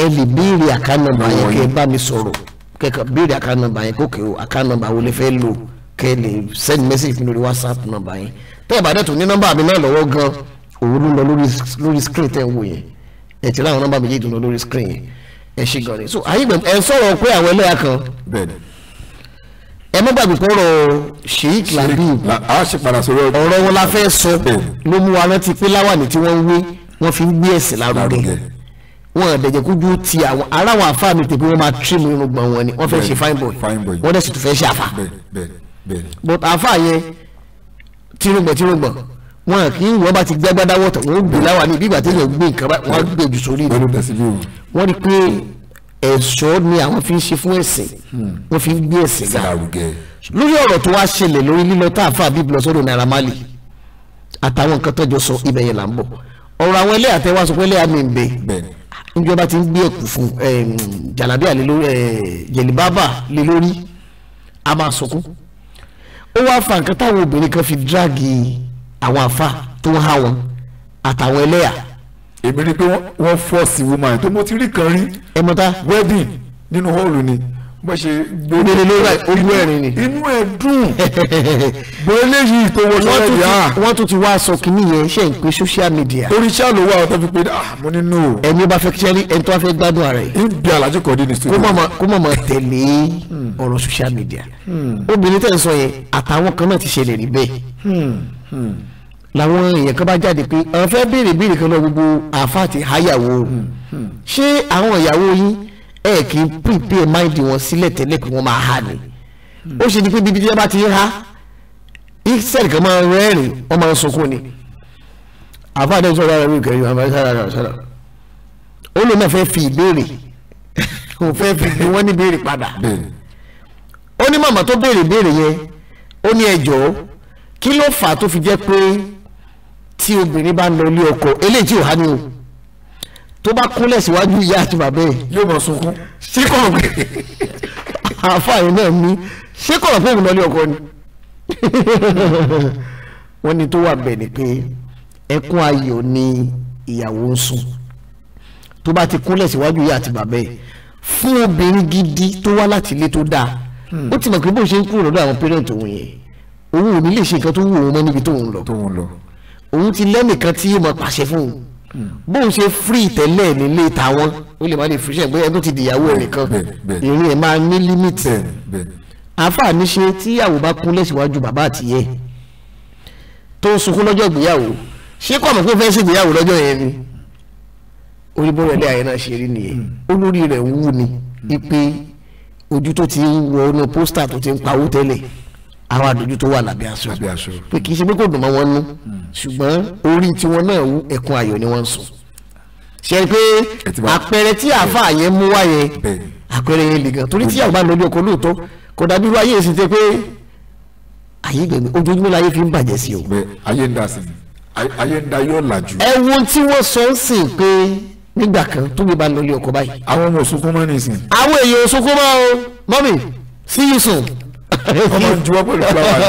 ẹ lè béèrè account number yẹn bá mi sọ̀rọ̀ kẹkọ béèrè account number yẹn kókè o account number wo lè fẹ́ lò kẹ́ lè send message mi lórí whatsapp number yẹn tẹ́ ẹ̀ bá dẹ̀ tó ní nọ́mbà mi náà lọ́wọ́ gan òun ló lọ lórí screen tẹ́ ń wò yẹn ẹ̀ tí láwọn nọ́mbà mi yéé tó lọ lórí screen yẹn ẹ̀ ṣe gan ni so ayé gbẹ̀m ẹ̀ sọ̀rọ̀ pé àwọn ẹlẹ́yà kan ẹ má gbàgbé pé ọ̀rọ̀ sheik labib ọ̀rọ̀ wọn la fẹ́ sọ ló mú wa rántí pé láwàní tí wọ́n ń wé wọ́n fi ń gbé ẹ̀sìn lárugẹ wọn àdẹ̀jẹ̀ kójú ti àwọn ará àwọn àfa mi tèpé wọn máa trim irun gbọ̀n wọn ni wọ́n fẹ́ ṣe fine boy wọ́n dẹ̀ sì tún fẹ́ ṣe àfa but àfa yẹn tìrùngbọ̀n tìrùngbọ̀n wọn kì í wọ́n bá ti gbẹ́gbẹ́ dáwọ́ tán wọ́n gbé láwa ní bígbà tí yóò gbé nǹkan bá wọ́n gbé jù sórí rẹ̀ wọ́n rí pé ẹ̀ṣọ́ ni àwọn fi ń ṣe fún ẹ̀sìn hmm. wọ́n fi ń gbé ẹ̀sìn ga lórí ọ̀rọ̀ tó wá ṣẹlẹ̀ lórí lílọ tá a fà bíbí lọ sọ́dọ̀ Naira Marley àtàwọn nǹkan tọ́jọ́ sọ ibẹ̀ yẹn là ń bọ̀ ọ̀rọ̀ àwọn ẹlẹ́yà tẹ́ wá sọ pé ẹlẹ́yà mi ń bẹ níjọba ti ń gbé ẹ̀kú fún eh, jàlábíà lé lórí jẹ̀lìbábà eh, lé lórí a máa sọkún ó wáá fa nǹkan táwọn obìnrin kan fi dírágì àwọn àfa tó ń há wọn àtàwọn ẹlẹ́yà. èmi rí pé wọ́n fọ́ọ̀sì woman tó mo ti rí kan rí. ẹ mọ́ta wedding nínú hall ni bó ṣe gbogbo ló rà ojú ẹ̀rín ni inú ẹ̀ dùn bó eléyìí tó wọ sọ́lẹ̀ yà á. wọ́n tún ti wá aṣọ kìíní yẹn ṣe ń pe social media. orí ṣáà ló wà ọ́ tó fi pe ah mo nínú o. ẹni bá fẹ́ kíṣẹ́ rí ẹni tó bá fẹ́ gbádùn ara yìí. ibi alájú kọ́ di ní studio. kó má má tẹ̀lé hmm. ọ̀rọ̀ social media. Hmm. obìnrin tẹ̀ ń sọ yẹn àtàwọn kan náà ti ṣẹlẹ̀ rí bẹ́ẹ̀. Hmm. làwọn èèyàn kan bá jáde pé àwọn fẹ́ béèrè béèrè kan lọ gbogbo àáfàá àti àyàwó ṣé àwọn ìyàwó yín ẹ kì í prepare mind wọn sílẹ̀ tẹ́lẹ̀ pé wọ́n máa há ni ó ṣe ni pé bíbí tí wọ́n bá ti há israel kan máa rẹ́rìn wọ́n máa sunkún ni àfáàdé sọ̀rọ̀ ara rẹ̀ kẹrin àmọ́ sára rẹ̀ sára ó lè má fẹ́ fi ìbéèrè kò fẹ́ fi wọ́n ní béèrè padà ó ní màmá tó béèrè béèrè yẹn ó ní ẹjọ́ kí ló fà tó fi jẹ́ pé tí obìnrin bá ń lọ ilé ọkọ eléyìí tí ò há ni o tó bá kúnlẹ̀ síwájú ìyá àti bàbá ẹ̀. yóò mọ̀ sunkún. ṣé kò rò náà ní ṣé kò òun lọ́lé ọkọ ni. wọ́n ní tó wà bẹ̀ ni pé ẹkún ayọ̀ ni ìyàwó ń sun tó bá ti kúnlẹ̀ síwájú ìyá àti bàbá ẹ̀ fún obìnrin gidi tó wá láti ilé tó dáa ó ti mọ̀ pé bó ṣe ń kúrò lọ́dọ̀ àwọn pẹ́rẹ́ǹtì òun yẹn òun ò ní lè ṣe nǹkan tó wù òun mọ́ níbi tóun lọ òun ti lẹ́nìkan tí yóò máa pàṣẹ fún òun bóun ṣe free tẹ́lẹ̀ nílé tàwọn ó lè má lè fi ṣẹ́gbẹ́ ẹni tó ti dìyàwó ẹ̀ nìkan ìrìn ẹ̀ máa ní limit àǹfààní ṣe tíyàwó bá kún lẹ́sìwájú bàbá àtìyẹ tó ń sunkún lọ́jọ́ ìgbéyàwó ṣé kọ́ mọ̀ pé fẹ́ ṣe ìgbéyàwó lọ́jọ́ yẹn ni oníbọ̀rọ̀ ilé ayé náà ṣe rí nìyẹn hmm. olórí rẹ̀ ń wù ní ipe ojú tó ti ń wọ inú pósítà tó ti ń pawó tẹ́lẹ̀ àwọn àdójú tó wà lábẹ́ aṣọ pé kì í ṣe pé kò dùn mọ́ wọn nú hmm. ṣùgbọ́n orí tiwọn náà wú ẹkún ayọ̀ ni wọ́n ń sùn ṣe pé àpẹẹrẹ tí àáfàá yẹn mú wá yẹn àpẹẹrẹ yẹn lè gan torí tí àwọn bá lórí ọkọ lóòótọ́ kò dàbí irú ayé ìsìn tẹ pé ayé gbẹ̀mí ojoojúmọ́ láyé fi ń bàjẹ́ sí o. ayé ń da sí ayé ń da yóò làjú. ẹ tí wọ́n sọ ń sìn pé nígbà kan tóbi bá lórí ọkọ báyìí. àwọn ọmọ òsunkún mọ́ nìsín. àwọn èèyàn òsunkún mọ́ o mọ́mì sí yìí sùn wọ́n máa ń juwọ́ pẹ̀lú fúláwà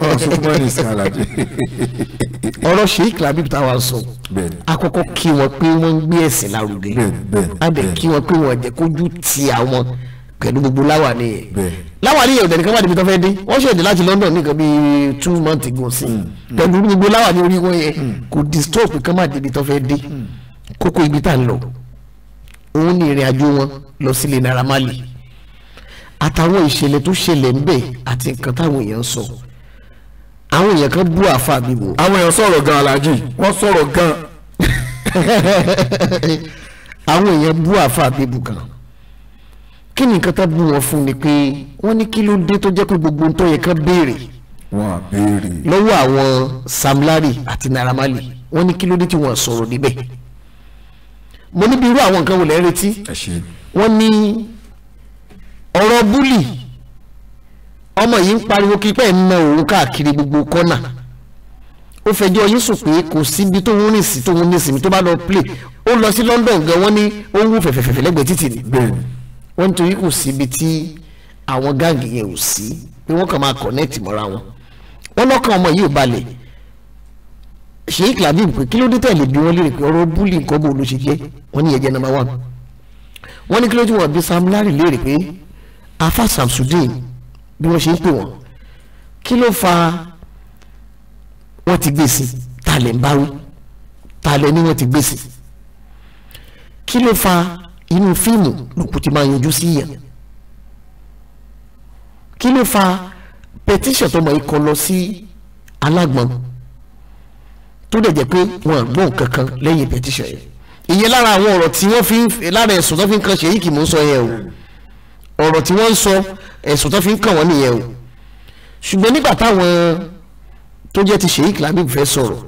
ọ̀rọ̀ sukumọ́ ní ìsìn alájẹ. ọ̀rọ̀ Sheikh Labib táwa sọ àkọ́kọ́ kí wọn pé wọ́n ń gbé ẹ̀sìn lárugẹ adẹ kí wọn pé wọ́n jẹ́ kójú ti àwọn pẹ̀lú gbogbo láwà ni yẹn láwà ni yẹn ọ̀dẹ̀ nìkan wà níbi tó fẹ́ dé wọ́n ṣèdè láti London nìkan bíi two months ago sí mm, mm. pẹ̀lú gbogbo láwà ni orí wọn yẹn mm. kò disturb nìkan má débi tó fẹ́ dé kókó ibi tá à lọ òun ni ìrìn àjò wọn lọ sílé Naira Marley àtàwọn ìṣẹ̀lẹ̀ tó ṣẹlẹ̀ ń bẹ àti nǹkan táwọn èèyàn sọ àwọn èèyàn kan bú àfa àbíbò. àwọn èèyàn sọ̀rọ̀ gan alájì wọ́n sọ̀rọ̀ gan. àwọn èèyàn bú àfa àbíbò gan kí ni nǹkan tá bú wọn fún ni pé wọ́n ní kí ló dé tó jẹ́ pé gbogbo ń tó yẹ kán béèrè. wọ́n á béèrè. lọ́wọ́ àwọn Sam àti Naira wọ́n ní kí ló dé tí wọ́n sọ̀rọ̀ níbẹ̀ mo níbi irú àwọn nǹkan wò lẹ́ retí wọ́n ní ọ̀rọ̀ búlì ọmọ yìí ń pariwo kípẹ́ ń na òun káàkiri gbogbo kọ́nà ó fẹjọ́ yín sùn pé kò síbi tó ń rìn sí tó ń ní sinmi tó bá lọ play ó lọ sí London gan wọ́n ní ó ń wú fẹ̀fẹ̀fẹ̀ lẹ́gbẹ̀ẹ́ títì gbòòrò wọ́n nítorí kò síbi tí àwọn gáàgì yẹn ò sí pé wọ́n kàn máa connect mọ́ra wọn wọ́n lọ́kàn ọmọ yìí ò balẹ̀ Sheikh Labeeb pé kí ló dé tẹ̀lé bí wọ́n lérè pé búlì nǹkan bó ló ṣe jẹ́ wọ́n ní ẹ̀jẹ̀ number one wọ́n ní kí ló dé wọ́n bí Sam Larry lérè pé afa samsudeen bí wọ́n ṣe ń pè wọ́n kí ló fa wọ́n ti gbé sí talẹ̀ ń báwí talẹ̀ ni wọ́n ti gbé sí kí ló fa inú fíìmù lòkù ti máa yanjú sí yẹn kí ló fa pẹtíṣàn tó mọ ikọ̀ lọ sí alágbọ̀n tó dẹ̀ jẹ́ pé wọn à gbọ́n kankan lẹ́yìn pẹtíṣàn yẹn ìyẹn lára àwọn ọ̀rọ̀ tí wọ́n fi lára ẹ̀sùn tó fi ń kan ṣèyí kì mò ń sọ yẹn o ọ̀rọ̀ tí wọ́n ń sọ ẹ̀sùn tó fi ń kàn wọ́n nìyẹn o ṣùgbọ́n nígbà táwọn tó jẹ́ ti Sheikh Labeeb fẹ́ sọ̀rọ̀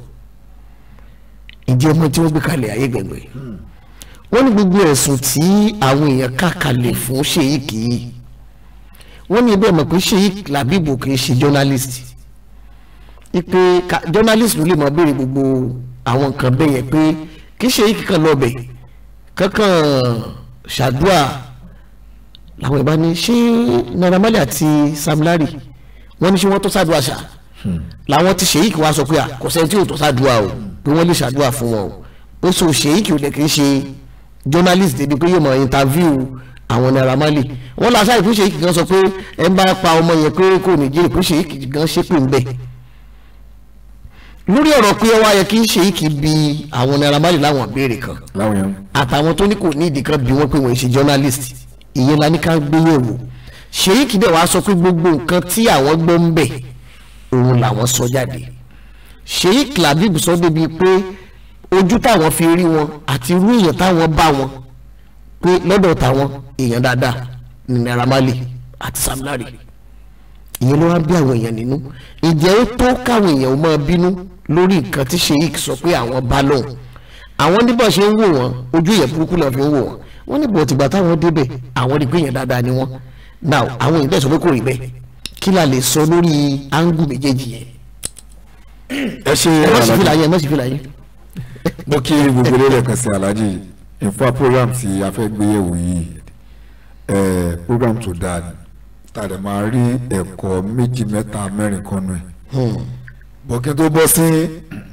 ìdí ọmọ tí wọ́n gbé kalẹ̀ ayé gbẹ̀gbẹ̀ wọ́n ní gbogbo ẹ̀sùn tí àwọn èèyàn kà kalẹ̀ fún Sheikh yìí wọ́n ní ẹgbẹ́ mọ̀ pé Sheikh Labeeb kì í ṣe journalist ipe journalist ló lè máa béèrè gbogbo àwọn nǹkan bẹ́ẹ̀ yẹn pé kì í Sheikh kan lọ́bẹ̀ kankan ṣàdúrà làwọn ìbá ní ṣé Naira Marley àti Sam Larry wọ́n ní ṣé wọ́n tó ṣàdúrà ṣá hmm. làwọn ti ṣèyíkì wá sọ pé à kò sẹ́ni tí ò tó ṣàdúrà o pé wọ́n lè ṣàdúrà fún wọn o ó sọ ṣèyíkì ò lè kí ń ṣe journalist débi pé yóò mọ interview àwọn Naira Marley wọ́n lọ aṣáájú fún ṣèyíkì gan sọ pé ẹ ń bá pa ọmọ yẹn pé kò ní jẹ́ ìpín ṣèyíkì gan ṣépè ń bẹ̀ lórí ọ̀rọ̀ pé ọwọ́ ayẹ kí n ṣe kí bi àwọn Naira Marley láwọn ìbéèrè kan àtàwọn tó ní kò ní ìdí kan bí wọ́n pé wọ́n ṣe journalist ìyẹn la ní ká gbé yẹ̀wò Sheikh dẹ̀ wá sọ pé gbogbo nǹkan tí àwọn gbọ́ ń bẹ̀ òun làwọn sọ jáde Sheikh Labeeb sọ débi pé ojú táwọn fi rí wọn àti irú èèyàn táwọn bá wọn pé lọ́dọ̀ táwọn èèyàn dáadáa ní Naira Marley àti Sam Larry ìyẹn ló wá bí àwọn èèyàn nínú ìjẹ́ ó tó káwọn èèyàn máa bínú lórí nǹkan tí Sheikh sọ pé àwọn bá lọ́hùn àwọn níbọ̀ ṣe ń wò wọ́n ojú yẹn burúkú náà fi ń wò wọ́n wọ́n ní bọ̀tìgbà táwọn débẹ̀ àwọn rí gbìyànjú dáadáa ni wọ́n now àwọn èèyàn dẹ̀sọ́ pé kò rí bẹ́ẹ̀ kí la lè sọ lórí áńgù méjèèjì yẹn. ẹ ṣe ẹ má sì fi láyé ẹ má mo kí gbogbo ilé lẹ́ẹ̀kan sí aláàjì nfa program tí a fẹ́ yìí program tó dáa ta dẹ̀ máa rí ẹ̀kọ́ méjì mẹ́ta mẹ́rin kan nù ẹ̀. Hmm. bọ̀kẹ́ tó bọ́ sí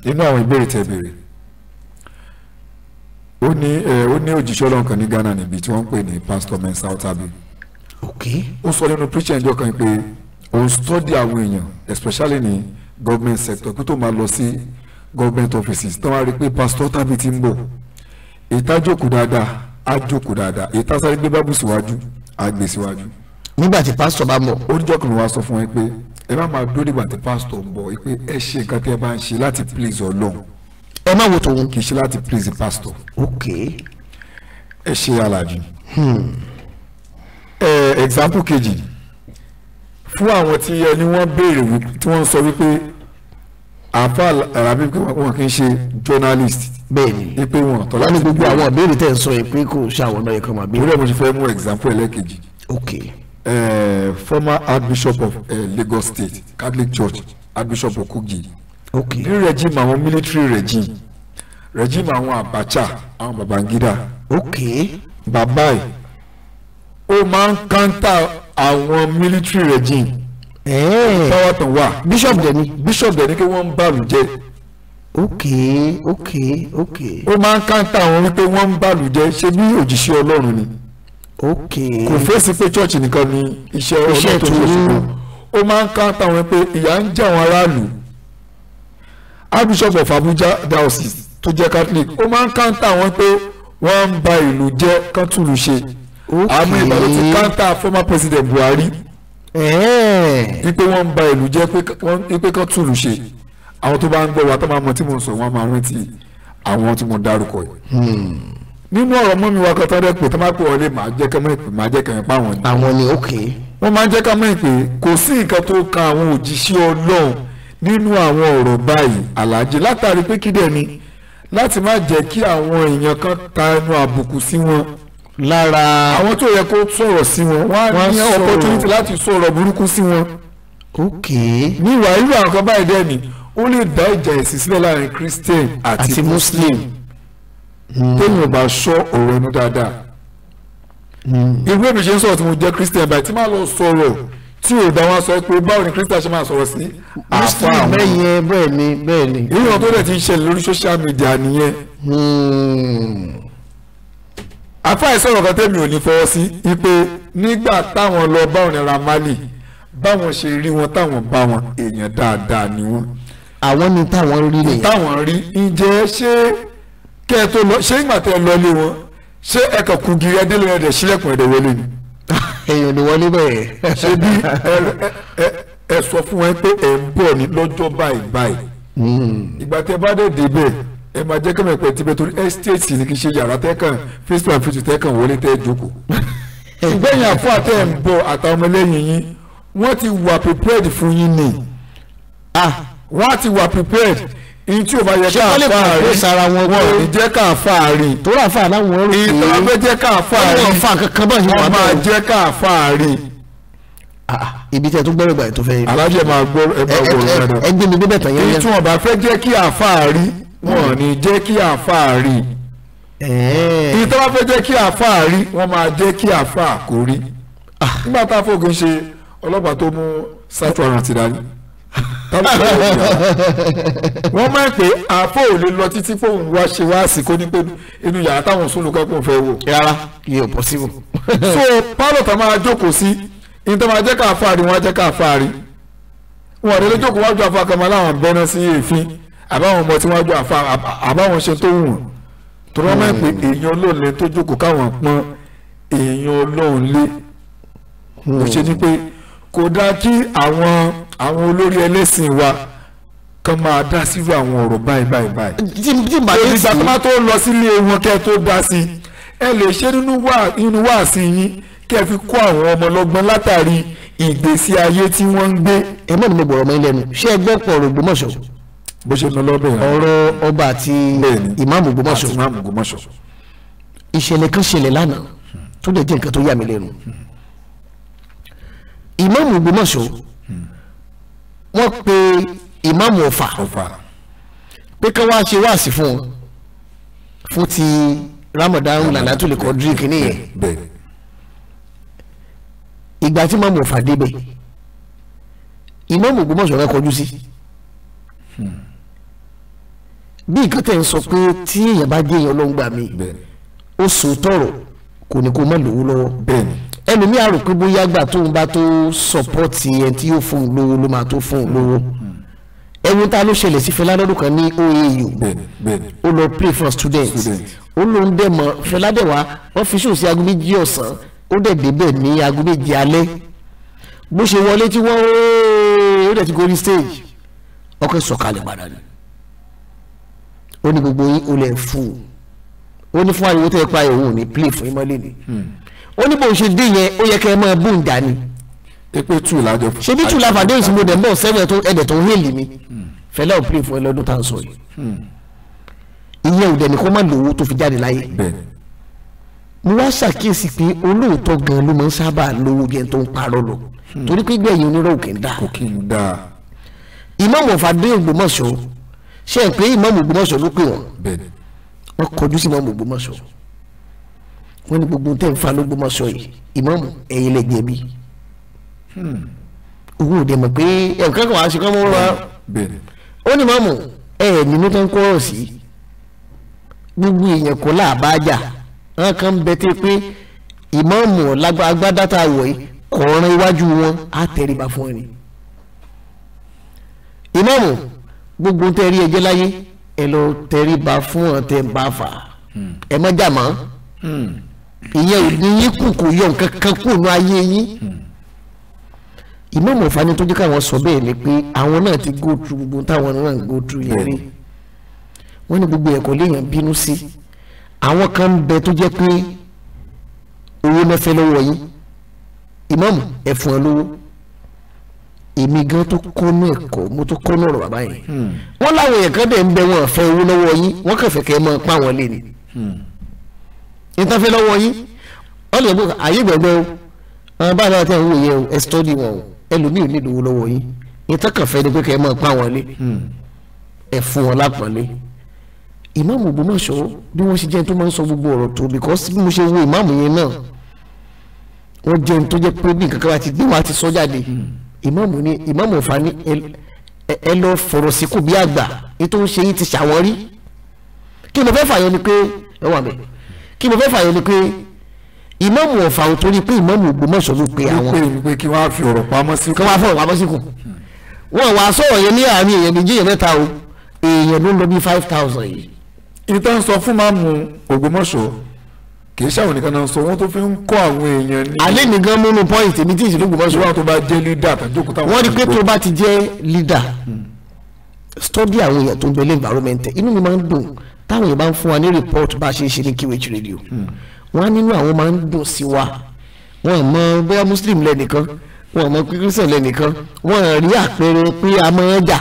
inú àwọn ìbéèrè tẹ̀ béèrè ó ní ẹ ó ní òjíṣẹ́ ọlọ́run kan ní Ghana níbi tí wọ́n ń pè ní pastor Mensah Tabi. ok ó sọ nínú preacher ẹjọ́ kan pé ó ń study àwọn èèyàn especially ní government sector kó tó máa lọ sí government offices tó wá rí i pé pastor Tabi ti ń bọ̀ ìtajòkó dáadáa àjòkó dáadáa ìtasáré gbé bábù síwájú àgbè e síwájú. nígbà tí pastor bá ń bọ̀. oníjọkùnrin wa sọ fún ẹ pé ẹ má máa dó nígbà tí pastor ń bọ̀ pé ẹ ṣe nǹkan tí ẹ bá ń ṣe láti please ọlọ́run ẹ má wo tòun kì í ṣe láti praise the pastor. ok ẹ ṣe alájí. Hmm. ẹ example kejì fún àwọn tí ẹni wọ́n béèrè tí wọ́n sọ wípé àfa arabi pé wọn kì í ṣe journalist. bẹ́ẹ̀ni ni pé wọn tọ́lá ní gbogbo àwọn ìbéèrè tẹ̀ ń sọ yìí pé kò ṣe àwọn ọ̀nà yẹn kan máa béèrè. bóyá mo ṣe fẹ́ mú example ẹlẹ́kejì. ok. Uh, former archbishop of uh, Lagos State Catholic Church archbishop Okugi okay. ní regime àwọn military regime regime àwọn Abacha àwọn Babangida okay. bàbá yìí ó máa ń counter àwọn military regime eh. power tó wà bishop dẹni bishop dẹni kí wọ́n ń bàlù jẹ́ ok ok ok. ó máa ń counter àwọn wípé wọ́n ń bàlù jẹ́ ṣe bí òjìṣẹ́ Ọlọ́run ni ok kò fèsì pé church nìkan ni iṣẹ́ Ọlọ́run tó ń ṣe ṣùgbọ́n ó máa ń counter àwọn wípé ìyà ń jẹ àwọn aráàlú archbishop of abuja diocese tó jẹ́ catholic ó máa ń káńtà wọn pé wọ́n ń ba ìlú jẹ́ kán túlù ṣe àmọ́ ìbàdàn ti káńtà former president buhari wípé wọ́n ń ba ìlú jẹ́ pé kán túlù ṣe àwọn tó bá ń gbọ́ wa tó máa mọ tí mo ń sọ wọ́n máa rántí àwọn tí mo dárúkọ yìí hmm. nínú ọ̀rọ̀ mọ́ mi wá kọ́ tọ́lẹ̀ pé tọ́lá pé ọ̀rẹ́ màá jẹ́ kẹ́mọ́ ìpè màá jẹ́ kẹ́mọ́ ìpàwọn ni. àwọn ni ok. wọ́n máa ń jẹ́ kẹ́mọ́ ìpè kò sí nǹkan tó kan àwọn òjíṣẹ́ ọlọ́run nínú àwọn ọ̀rọ̀ báyìí aláàjì látàrí pé kí dẹ̀ ni láti má jẹ́ kí àwọn èèyàn kan ta ẹnu àbùkù sí wọn lára àwọn tó yẹ kó sọ̀rọ̀ sí wọn wọ́n á ní opportunity láti sọ̀rọ̀ burúkú sí wọn. ok ní ìwà irú àwọn kan báyìí dẹ̀ ni ó lè dá ìjà ẹ̀sìn sílẹ̀ láàrin christian àti muslim hmm. tẹ́yìn ò bá sọ ọ̀rọ̀ ẹnu dáadáa. Hmm. irú èmi ṣe ń sọ̀rọ̀ tí mo jẹ́ christian báyìí tí má lọ sọ̀rọ̀ tí ò dá wọn sọ pé báwo ni christian ṣe máa sọ̀rọ̀ sí àfa àwọn. bẹ́ẹ̀ yẹn bẹ́ẹ̀ ni bẹ́ẹ̀ ni. ìyẹn tó dẹ̀ ti ń ṣẹlẹ̀ lórí social media nìyẹn. afa hmm. ìsọ̀rọ̀ kan tẹ̀mí ò ní fọwọ́ sí i pé nígbà táwọn lọ báwọn ní ramali báwọn ṣe rí wọn táwọn bá wọn èèyàn dáadáa ni wọn. àwọn ni táwọn rí lè. táwọn rí ǹjẹ́ ṣé kẹ́ ẹ tó lọ ṣé ìgbà tẹ́ lọ lé wọn ṣé ẹ kàn kú gírí ẹdínlẹ́rẹ́ rẹ̀ sílẹ̀kùn ni èèyàn ni wọ́n níbẹ̀ yẹn. ṣé bí ẹ sọ fún ẹ pé ẹ ń bọ̀ ní lọ́jọ́ báyìí báyìí hmm. ìgbà tẹ bá dé débẹ̀ ẹ máa jẹ́ kẹ́mẹ̀ pẹ̀ tibẹ̀ torí estate ni kì í ṣe yàrá tẹ́kàn fíṣpà fíṣù tẹ́kàn wọlé tẹ́ jókòó. ìgbẹ́yìn àfọ àtẹ ń bọ̀ àtàwọn ọmọlẹ́yìn yín wọ́n ti wà prepared fún yín ni ah. wọ́n ti wà prepared n tí o bá yẹ ká fàárì wọn ò ní jẹ́ ká fàárì. tó rà fà láwọn ọ̀rọ̀ pé ìtàn abẹ́ jẹ́ ká fàárì wọ́n fà kankan bá yẹn wà bẹ́ẹ̀. wọ́n máa jẹ́ ká fàárì. Ah, ah, ibi tí a tún gbọ́dọ̀ gbà tó fẹ́ yẹn. alájẹ máa gbọ́ ẹ bá wò ó lẹ́nu. ẹgbẹ́ mi gbẹ́bẹ̀ tán yẹn. ìtún ọba fẹ́ jẹ́ kí àfàárì wọn ò ní jẹ́ kí àfàárì. ìtàn abẹ́ jẹ́ kí àfàárì wọ́n máa jẹ́ kí àfà kórí. Ah. nígbà tá a fògùn wọ́n máa ń pè àfọ́ ò lè lọ títí fóun wá ṣe wá sí kó ní pé inú yàrá táwọn sùn lókè kó fẹ́ wò. rárá yóò possible. so pálọ̀ tá máa jókòó sí ní tó máa jẹ́ ká fáàrí wọn á jẹ́ ká fáàrí wọn ò lè jókòó wájú afákàmọ́ láwọn bẹ́ẹ̀ náà sí èéfín àbáwọn ọmọ tí wọ́n jọ àfa àbáwọn ṣe tó wù wọ́n tó rọ́ máa ń pè èèyàn olóòlẹ̀ tó jókòó káwọn pọn èèyàn olóòlẹ̀ kò ṣe ní pé kò dáa kí àwọn àwọn olórí ẹlẹ́sìn wa kan máa dá sírú àwọn ọ̀rọ̀ báyìí báyìí báyìí. tí màá yẹn sùn ìgbà tó lọ sílé wọn kẹ́ tó dá sí ẹ lè ṣe nínú wáàsí yín kẹ́ fi kó àwọn ọmọ látàrí ìgbésí ayé tí wọ́n ń gbé. èmi ni mo gbọ́dọ̀ mọ́ ilé ẹnu ṣé ẹ gbọ́ pọ̀ ọ̀rọ̀ Ògbómọ̀ṣọ́. bó ṣe lọ lọ́bẹ̀ yẹn. ọ̀rọ̀ ọba àti ìmáàmù Ògbómọ̀ṣọ́. ìṣẹ̀lẹ̀ kan ṣẹlẹ̀ lánàá tó dẹ̀ jẹ́ nǹkan tó yà mí lẹ́nu ìmáàmù Ògbómọ̀ṣọ́ wọ́n pe ìmáàmù Ọ̀fà pé ká wáá ṣe wáàsí fún un fún ti Ramadan Lailatul Qadri kìíní yẹn ìgbà tí ìmáàmù Ọ̀fà débẹ̀ ìmáàmù Ògbómọ̀ṣọ́ rẹ̀ kọjú sí hmm. bí nǹkan tẹ̀ ń sọ pé tí èèyàn bá gé èèyàn lọ́ngbà mi ó sòótọ́ ọ̀rọ̀ kò ní kó má lówó lọ́wọ́ bẹ́ẹ̀ ni ẹlòmí àrò pé bóyá gbà tóun bá tó sọpọ́tì ẹ tí yóò fún un lówó ló máa tó fún un lówó ẹ̀yin ta ló ṣẹlẹ̀ sí Fẹlá lọ́dún kan ní OAU ó lọ play for students ó lóun dẹ̀ mọ́ Fẹlá dẹ̀ wá wọ́n fi ṣùn sí aago méjì ọ̀sán ó dẹ̀ débẹ̀ ní aago méjì alẹ́ bó ṣe wọlé tí wọ́n ó dẹ̀ ti gorí stage ọkọ̀ sọ̀kalẹ̀ padà ni ó ní gbogbo yín ó lẹ̀ fún un ó ní fún ariwo tẹ́ ẹ pa ìhòòhùn ní play fún yín mọ́lẹ́ ni. Hmm ó ní bó ṣe dé yẹn ó yẹ kẹ́ ẹ máa bù ń dání. pépé tù lájọ. ṣebí tù la fàdé ìsìnkú dẹ̀ ń bọ̀ sẹ́fẹ̀ tó ẹ̀dẹ̀ tó ń hèlì mi fẹlẹ́ ò pè fún ẹ lọ́dún tá à ń sọ yìí. ìyẹn ò dẹ̀ ní kó má lówó tó fi jáde láyé. mo wá ṣàkíyèsí pé olóòótọ́ gan ló máa ń sábà lówó bí ẹni tó ń parọ́ lọ hmm. torí pé gbẹ̀yìn onírọ̀ òkè ń dà. òkè fàdé Ògbómọ̀ṣọ́ ṣe é pé ìmáàmù Ògbómọ̀ṣọ́ ló pè wọ́n kọjú sí ìmáàmù Ògbómọ̀ṣọ́ wọ́n ní gbogbo tẹ́ ń fa ló gbọmọ sọ yìí ìmáàmù ẹ̀yin lè jẹ̀bi hmm. owó òde mọ̀ pé ẹ̀ka kan wàá ṣe kán mọ́ wa ó ní ìmáàmù ẹ̀ nínú tó ń kọ́rọ̀ sí gbogbo èèyàn kọ́ làbájà wọn kàn bẹ tẹ pé ìmáàmù agbádá a wọ̀ yìí kọ̀ọ̀ràn iwájú wọn á tẹríba fún ẹni ìmáàmù gbogbo tẹ́rí ẹjẹ́ láyé ẹ lọ tẹríba fún ọ̀tẹ̀ bá fà hmm. ẹ mọ́jà mọ́. Hmm ìyẹn ò ní yín kù kò yọ nǹkan kan kù ayé yín ìmọ̀ mọ̀fani tó jẹ́ káwọn sọ bẹ́ẹ̀ ni pé àwọn náà ti go through gbogbo táwọn náà go through yẹn rí wọ́n ní gbogbo ẹ̀kọ́ léèyàn bínú sí àwọn kan ń bẹ tó jẹ́ pé owó náà fẹ́ lọ́wọ́ yín ìmọ̀mù ẹ̀fọn lówó èmi gan tó kọ́nú ẹ̀kọ́ mo tó kọ́nú ọ̀rọ̀ bàbá yẹn hmm. wọ́n láwọn èèyàn dẹ̀ ń bẹ wọn fẹ́ owó lọ́wọ́ yín wọ́n kàn fẹ́ kẹ́ ẹ máa pa wọn lé ni. Hmm ìtànfẹ́ lọ́wọ́ yín wọ́n lè bó àyè gbẹ̀gbẹ́ o àwọn bá dáa tẹ̀ ń wòye o ẹ sítọ́dì wọn o ẹlòmíì ò ní ìdòwò lọ́wọ́ yín ìtàkànfẹ́ ni pé kẹ́ ẹ máa pa wọn lé hmm. ẹ fún wọn lápọ̀nlé ìmáàmù Ògbómọ̀ṣọ́ bí wọ́n ṣe jẹ́ tó máa ń sọ gbogbo ọ̀rọ̀ tó because bí mo ṣe wo ìmáàmù yẹn náà wọ́n jẹ́ tó jẹ́ pé bí nǹkan kan ti gbé wọn àti sọ jáde hmm. ìmáàmù ni ìmáàmù ọ̀fà ni ẹ lọ fọ̀rọ̀ síkù bí àgbà ètò ń ṣe ti ṣàwọ́rí kí ló fẹ́ fàyọ ni pé ẹ wà bẹ́ẹ̀ kí mo fẹ́ fàyè ni pé ìmáàmù ọ̀fà ò torí pé ìmáàmù Ògbómọ̀ṣọ́ ló pe àwọn. pé kí wọ́n á fi ọ̀rọ̀ pamọ́ sí kù. kí wọ́n á fi ọ̀rọ̀ pamọ́ sí kù. Hmm. wọ́n wàá sọ̀rọ̀ yẹn ní àárín èèyàn méjì èèyàn mẹ́ta o èèyàn ló ń lọ bí five thousand yìí. ibi tá à ń sọ fún máàmù Ògbómọ̀ṣọ́ kì í ṣàwọn nìkan náà sọ wọn tó fi ń kọ àwọn èèyàn ní study àwọn èèyàn tó ń gbélé environment inú mi máa ń dùn táwọn èèyàn bá ń fún wa ní report bá a ṣe ń ṣe ní QH radio wọn á nínú àwọn máa ń dùn sí wa wọn ò mọ bóyá muslim lẹ́nìkan wọn ò mọ kírísítẹ̀ lẹ́nìkan wọn ò rí àpẹẹrẹ pé a máa ń jà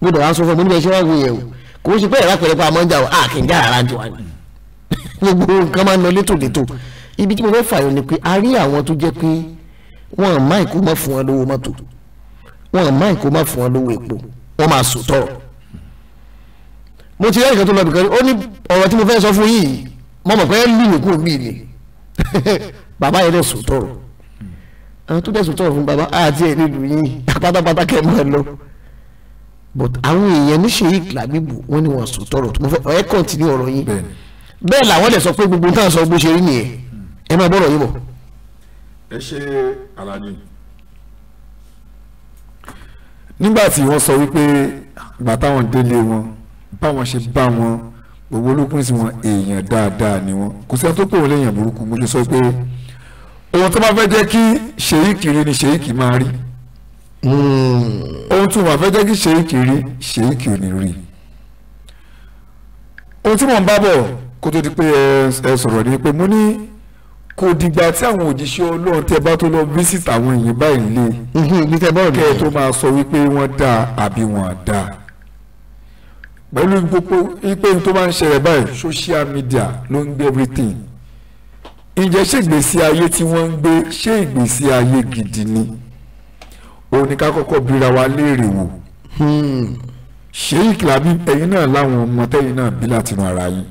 mo dọ̀ wá sọ fún mi níbẹ̀ ṣé wàá wò yẹn o kò ń ṣe pé ìrà pẹ̀lẹ́pẹ́ a máa ń jà o a kì í jà rárá jù wá ni gbogbo nǹkan máa ń lọ létòlétò ibi tí mo fẹ́ fààyàn ni pé a rí àwọn tó jẹ́ pé wọn à máa ìkó má fún wọn lówó mọ́tò wọn à máa ìkó má fún wọn lówó epo wọ́n máa sọ tọrọ mo ti rí ẹnìkan tó lọ bìkan ó ní ọ̀rọ̀ tí mo fẹ́ sọ fún yìí mo mọ̀ pé ẹ lù yòókù mí ni bàbá yẹn lọ sọ tọrọ àwọn tó dẹ̀ sọ tọrọ fún bàbá àti ẹ̀ nílùú yìí pátápátá kẹ́ ẹ̀ máa lọ but àwọn èèyàn ní sheik labibu wọn ni wọn sùn tọrọ mo fẹ ẹ kọntínú ọ̀rọ̀ yín bẹ́ẹ̀ làwọn lè sọ pé gbogbo nǹkan sọ bó ṣe rí nìyẹn ẹ máa bọrọ yín bọ. ẹ ṣe ara ni nígbà tí wọ́n sọ wípé ìgbà táwọn délé wọn báwọn ṣe bá wọn gbogbo olókùn sí wọn èèyàn dáadáa ni wọn kò sẹ́ni tó pè wọ́n léèyàn burúkú mo lè sọ pé ohun tó bá fẹ́ jẹ́ kí ṣèyíkì rí ni ṣèyíkì máa rí ohun tí wọ́n fẹ́ jẹ́ kí ṣèyíkì rí ṣèyíkì ò ní rí ohun tí mò ń bá bọ̀ kó tó di pé ẹ sọ̀rọ̀ ni pé mo ní kò dìgbà tí àwọn òjíṣẹ́ ọlọ́run tẹ bá tó lọ visit àwọn èèyàn báyìí lé mhm, kẹ́ ẹ tó máa sọ wípé wọ́n dá àbí wọ́n dá pẹ̀lú gbogbo wípé tó máa ń ṣẹlẹ̀ báyìí social media ló ń gbé everything ǹjẹ́ ṣé ìgbésí ayé tí wọ́n ń gbé ṣé ìgbésí ayé gidi ni òun ni ká kọ́kọ́ bíra wa léèrè wò ṣé ìkìlá bí náà láwọn ọmọ tẹ́yin náà bí láti ràn ara yín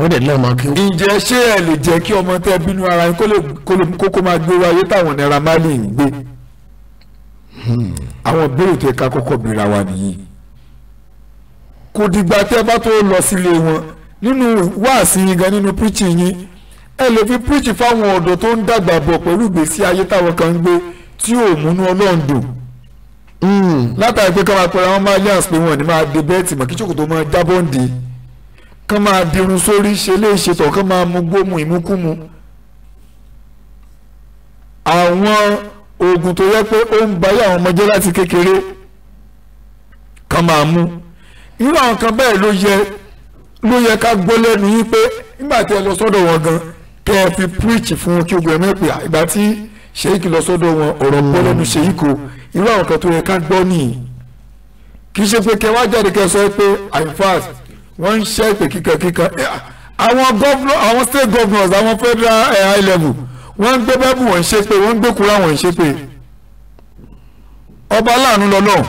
ó dẹ̀ lọ́mọ kí. ǹjẹ́ ṣé ẹ lè jẹ́ kí ọmọ tẹ́ bínú ara yín kókó máa gbé wáyé táwọn Naira Marley ń gbé hmm. àwọn ìbéèrè tẹ ká kọ́kọ́ bèèrè wa nìyí kò dìgbà tẹ́ bá tó lọ sílé wọn nínú wáàsí yín gan nínú píríṣì yín ẹ lè fi píríṣì fáwọn ọ̀dọ́ tó ń dàgbà bọ̀ pẹ̀lú ìgbésí ayé táwọn kan ń gbé tí ò múnú Ọlọ́run dùn hmm. látàrí pé káwọn apẹ̀rẹ̀ wọn máa yàn pé wọn ò máa kán máa dirun sórí ṣe léṣe tọ̀ kán máa mu gbómu ìmúkúmu àwọn oògùn tó yẹ pé ó ń bayé àwọn ọmọdé láti kékeré kán máa mú irú àwọn kan bẹ́ẹ̀ ló yẹ ló yẹ ká gbọ́ lẹ́nu yín pé nígbà tí ẹ lọ sọ́dọ̀ wọn gan kẹ́ ẹ fi preach fún wọn kí ogun ẹ̀mí pè à ìgbà tí ṣèyíkì lọ sọ́dọ̀ wọn ọ̀rọ̀ gbọ́ lẹ́nu ṣèyíkò irú àwọn kan tó yẹ ká gbọ́ nìyí kì í ṣe pé kẹ́ wá jáde kẹ́ sọ pé i'm fast wọ́n ń ṣe ìpè kíkan kíkan àwọn gọ́vnọ̀ àwọn state governors àwọn federal eh, high level wọ́n ń gbé bẹ́ẹ̀bù wọ́n ń ṣe pé wọ́n ń gbé kura wọ́n ń ṣe pé ọba láàánú lọ́lọ́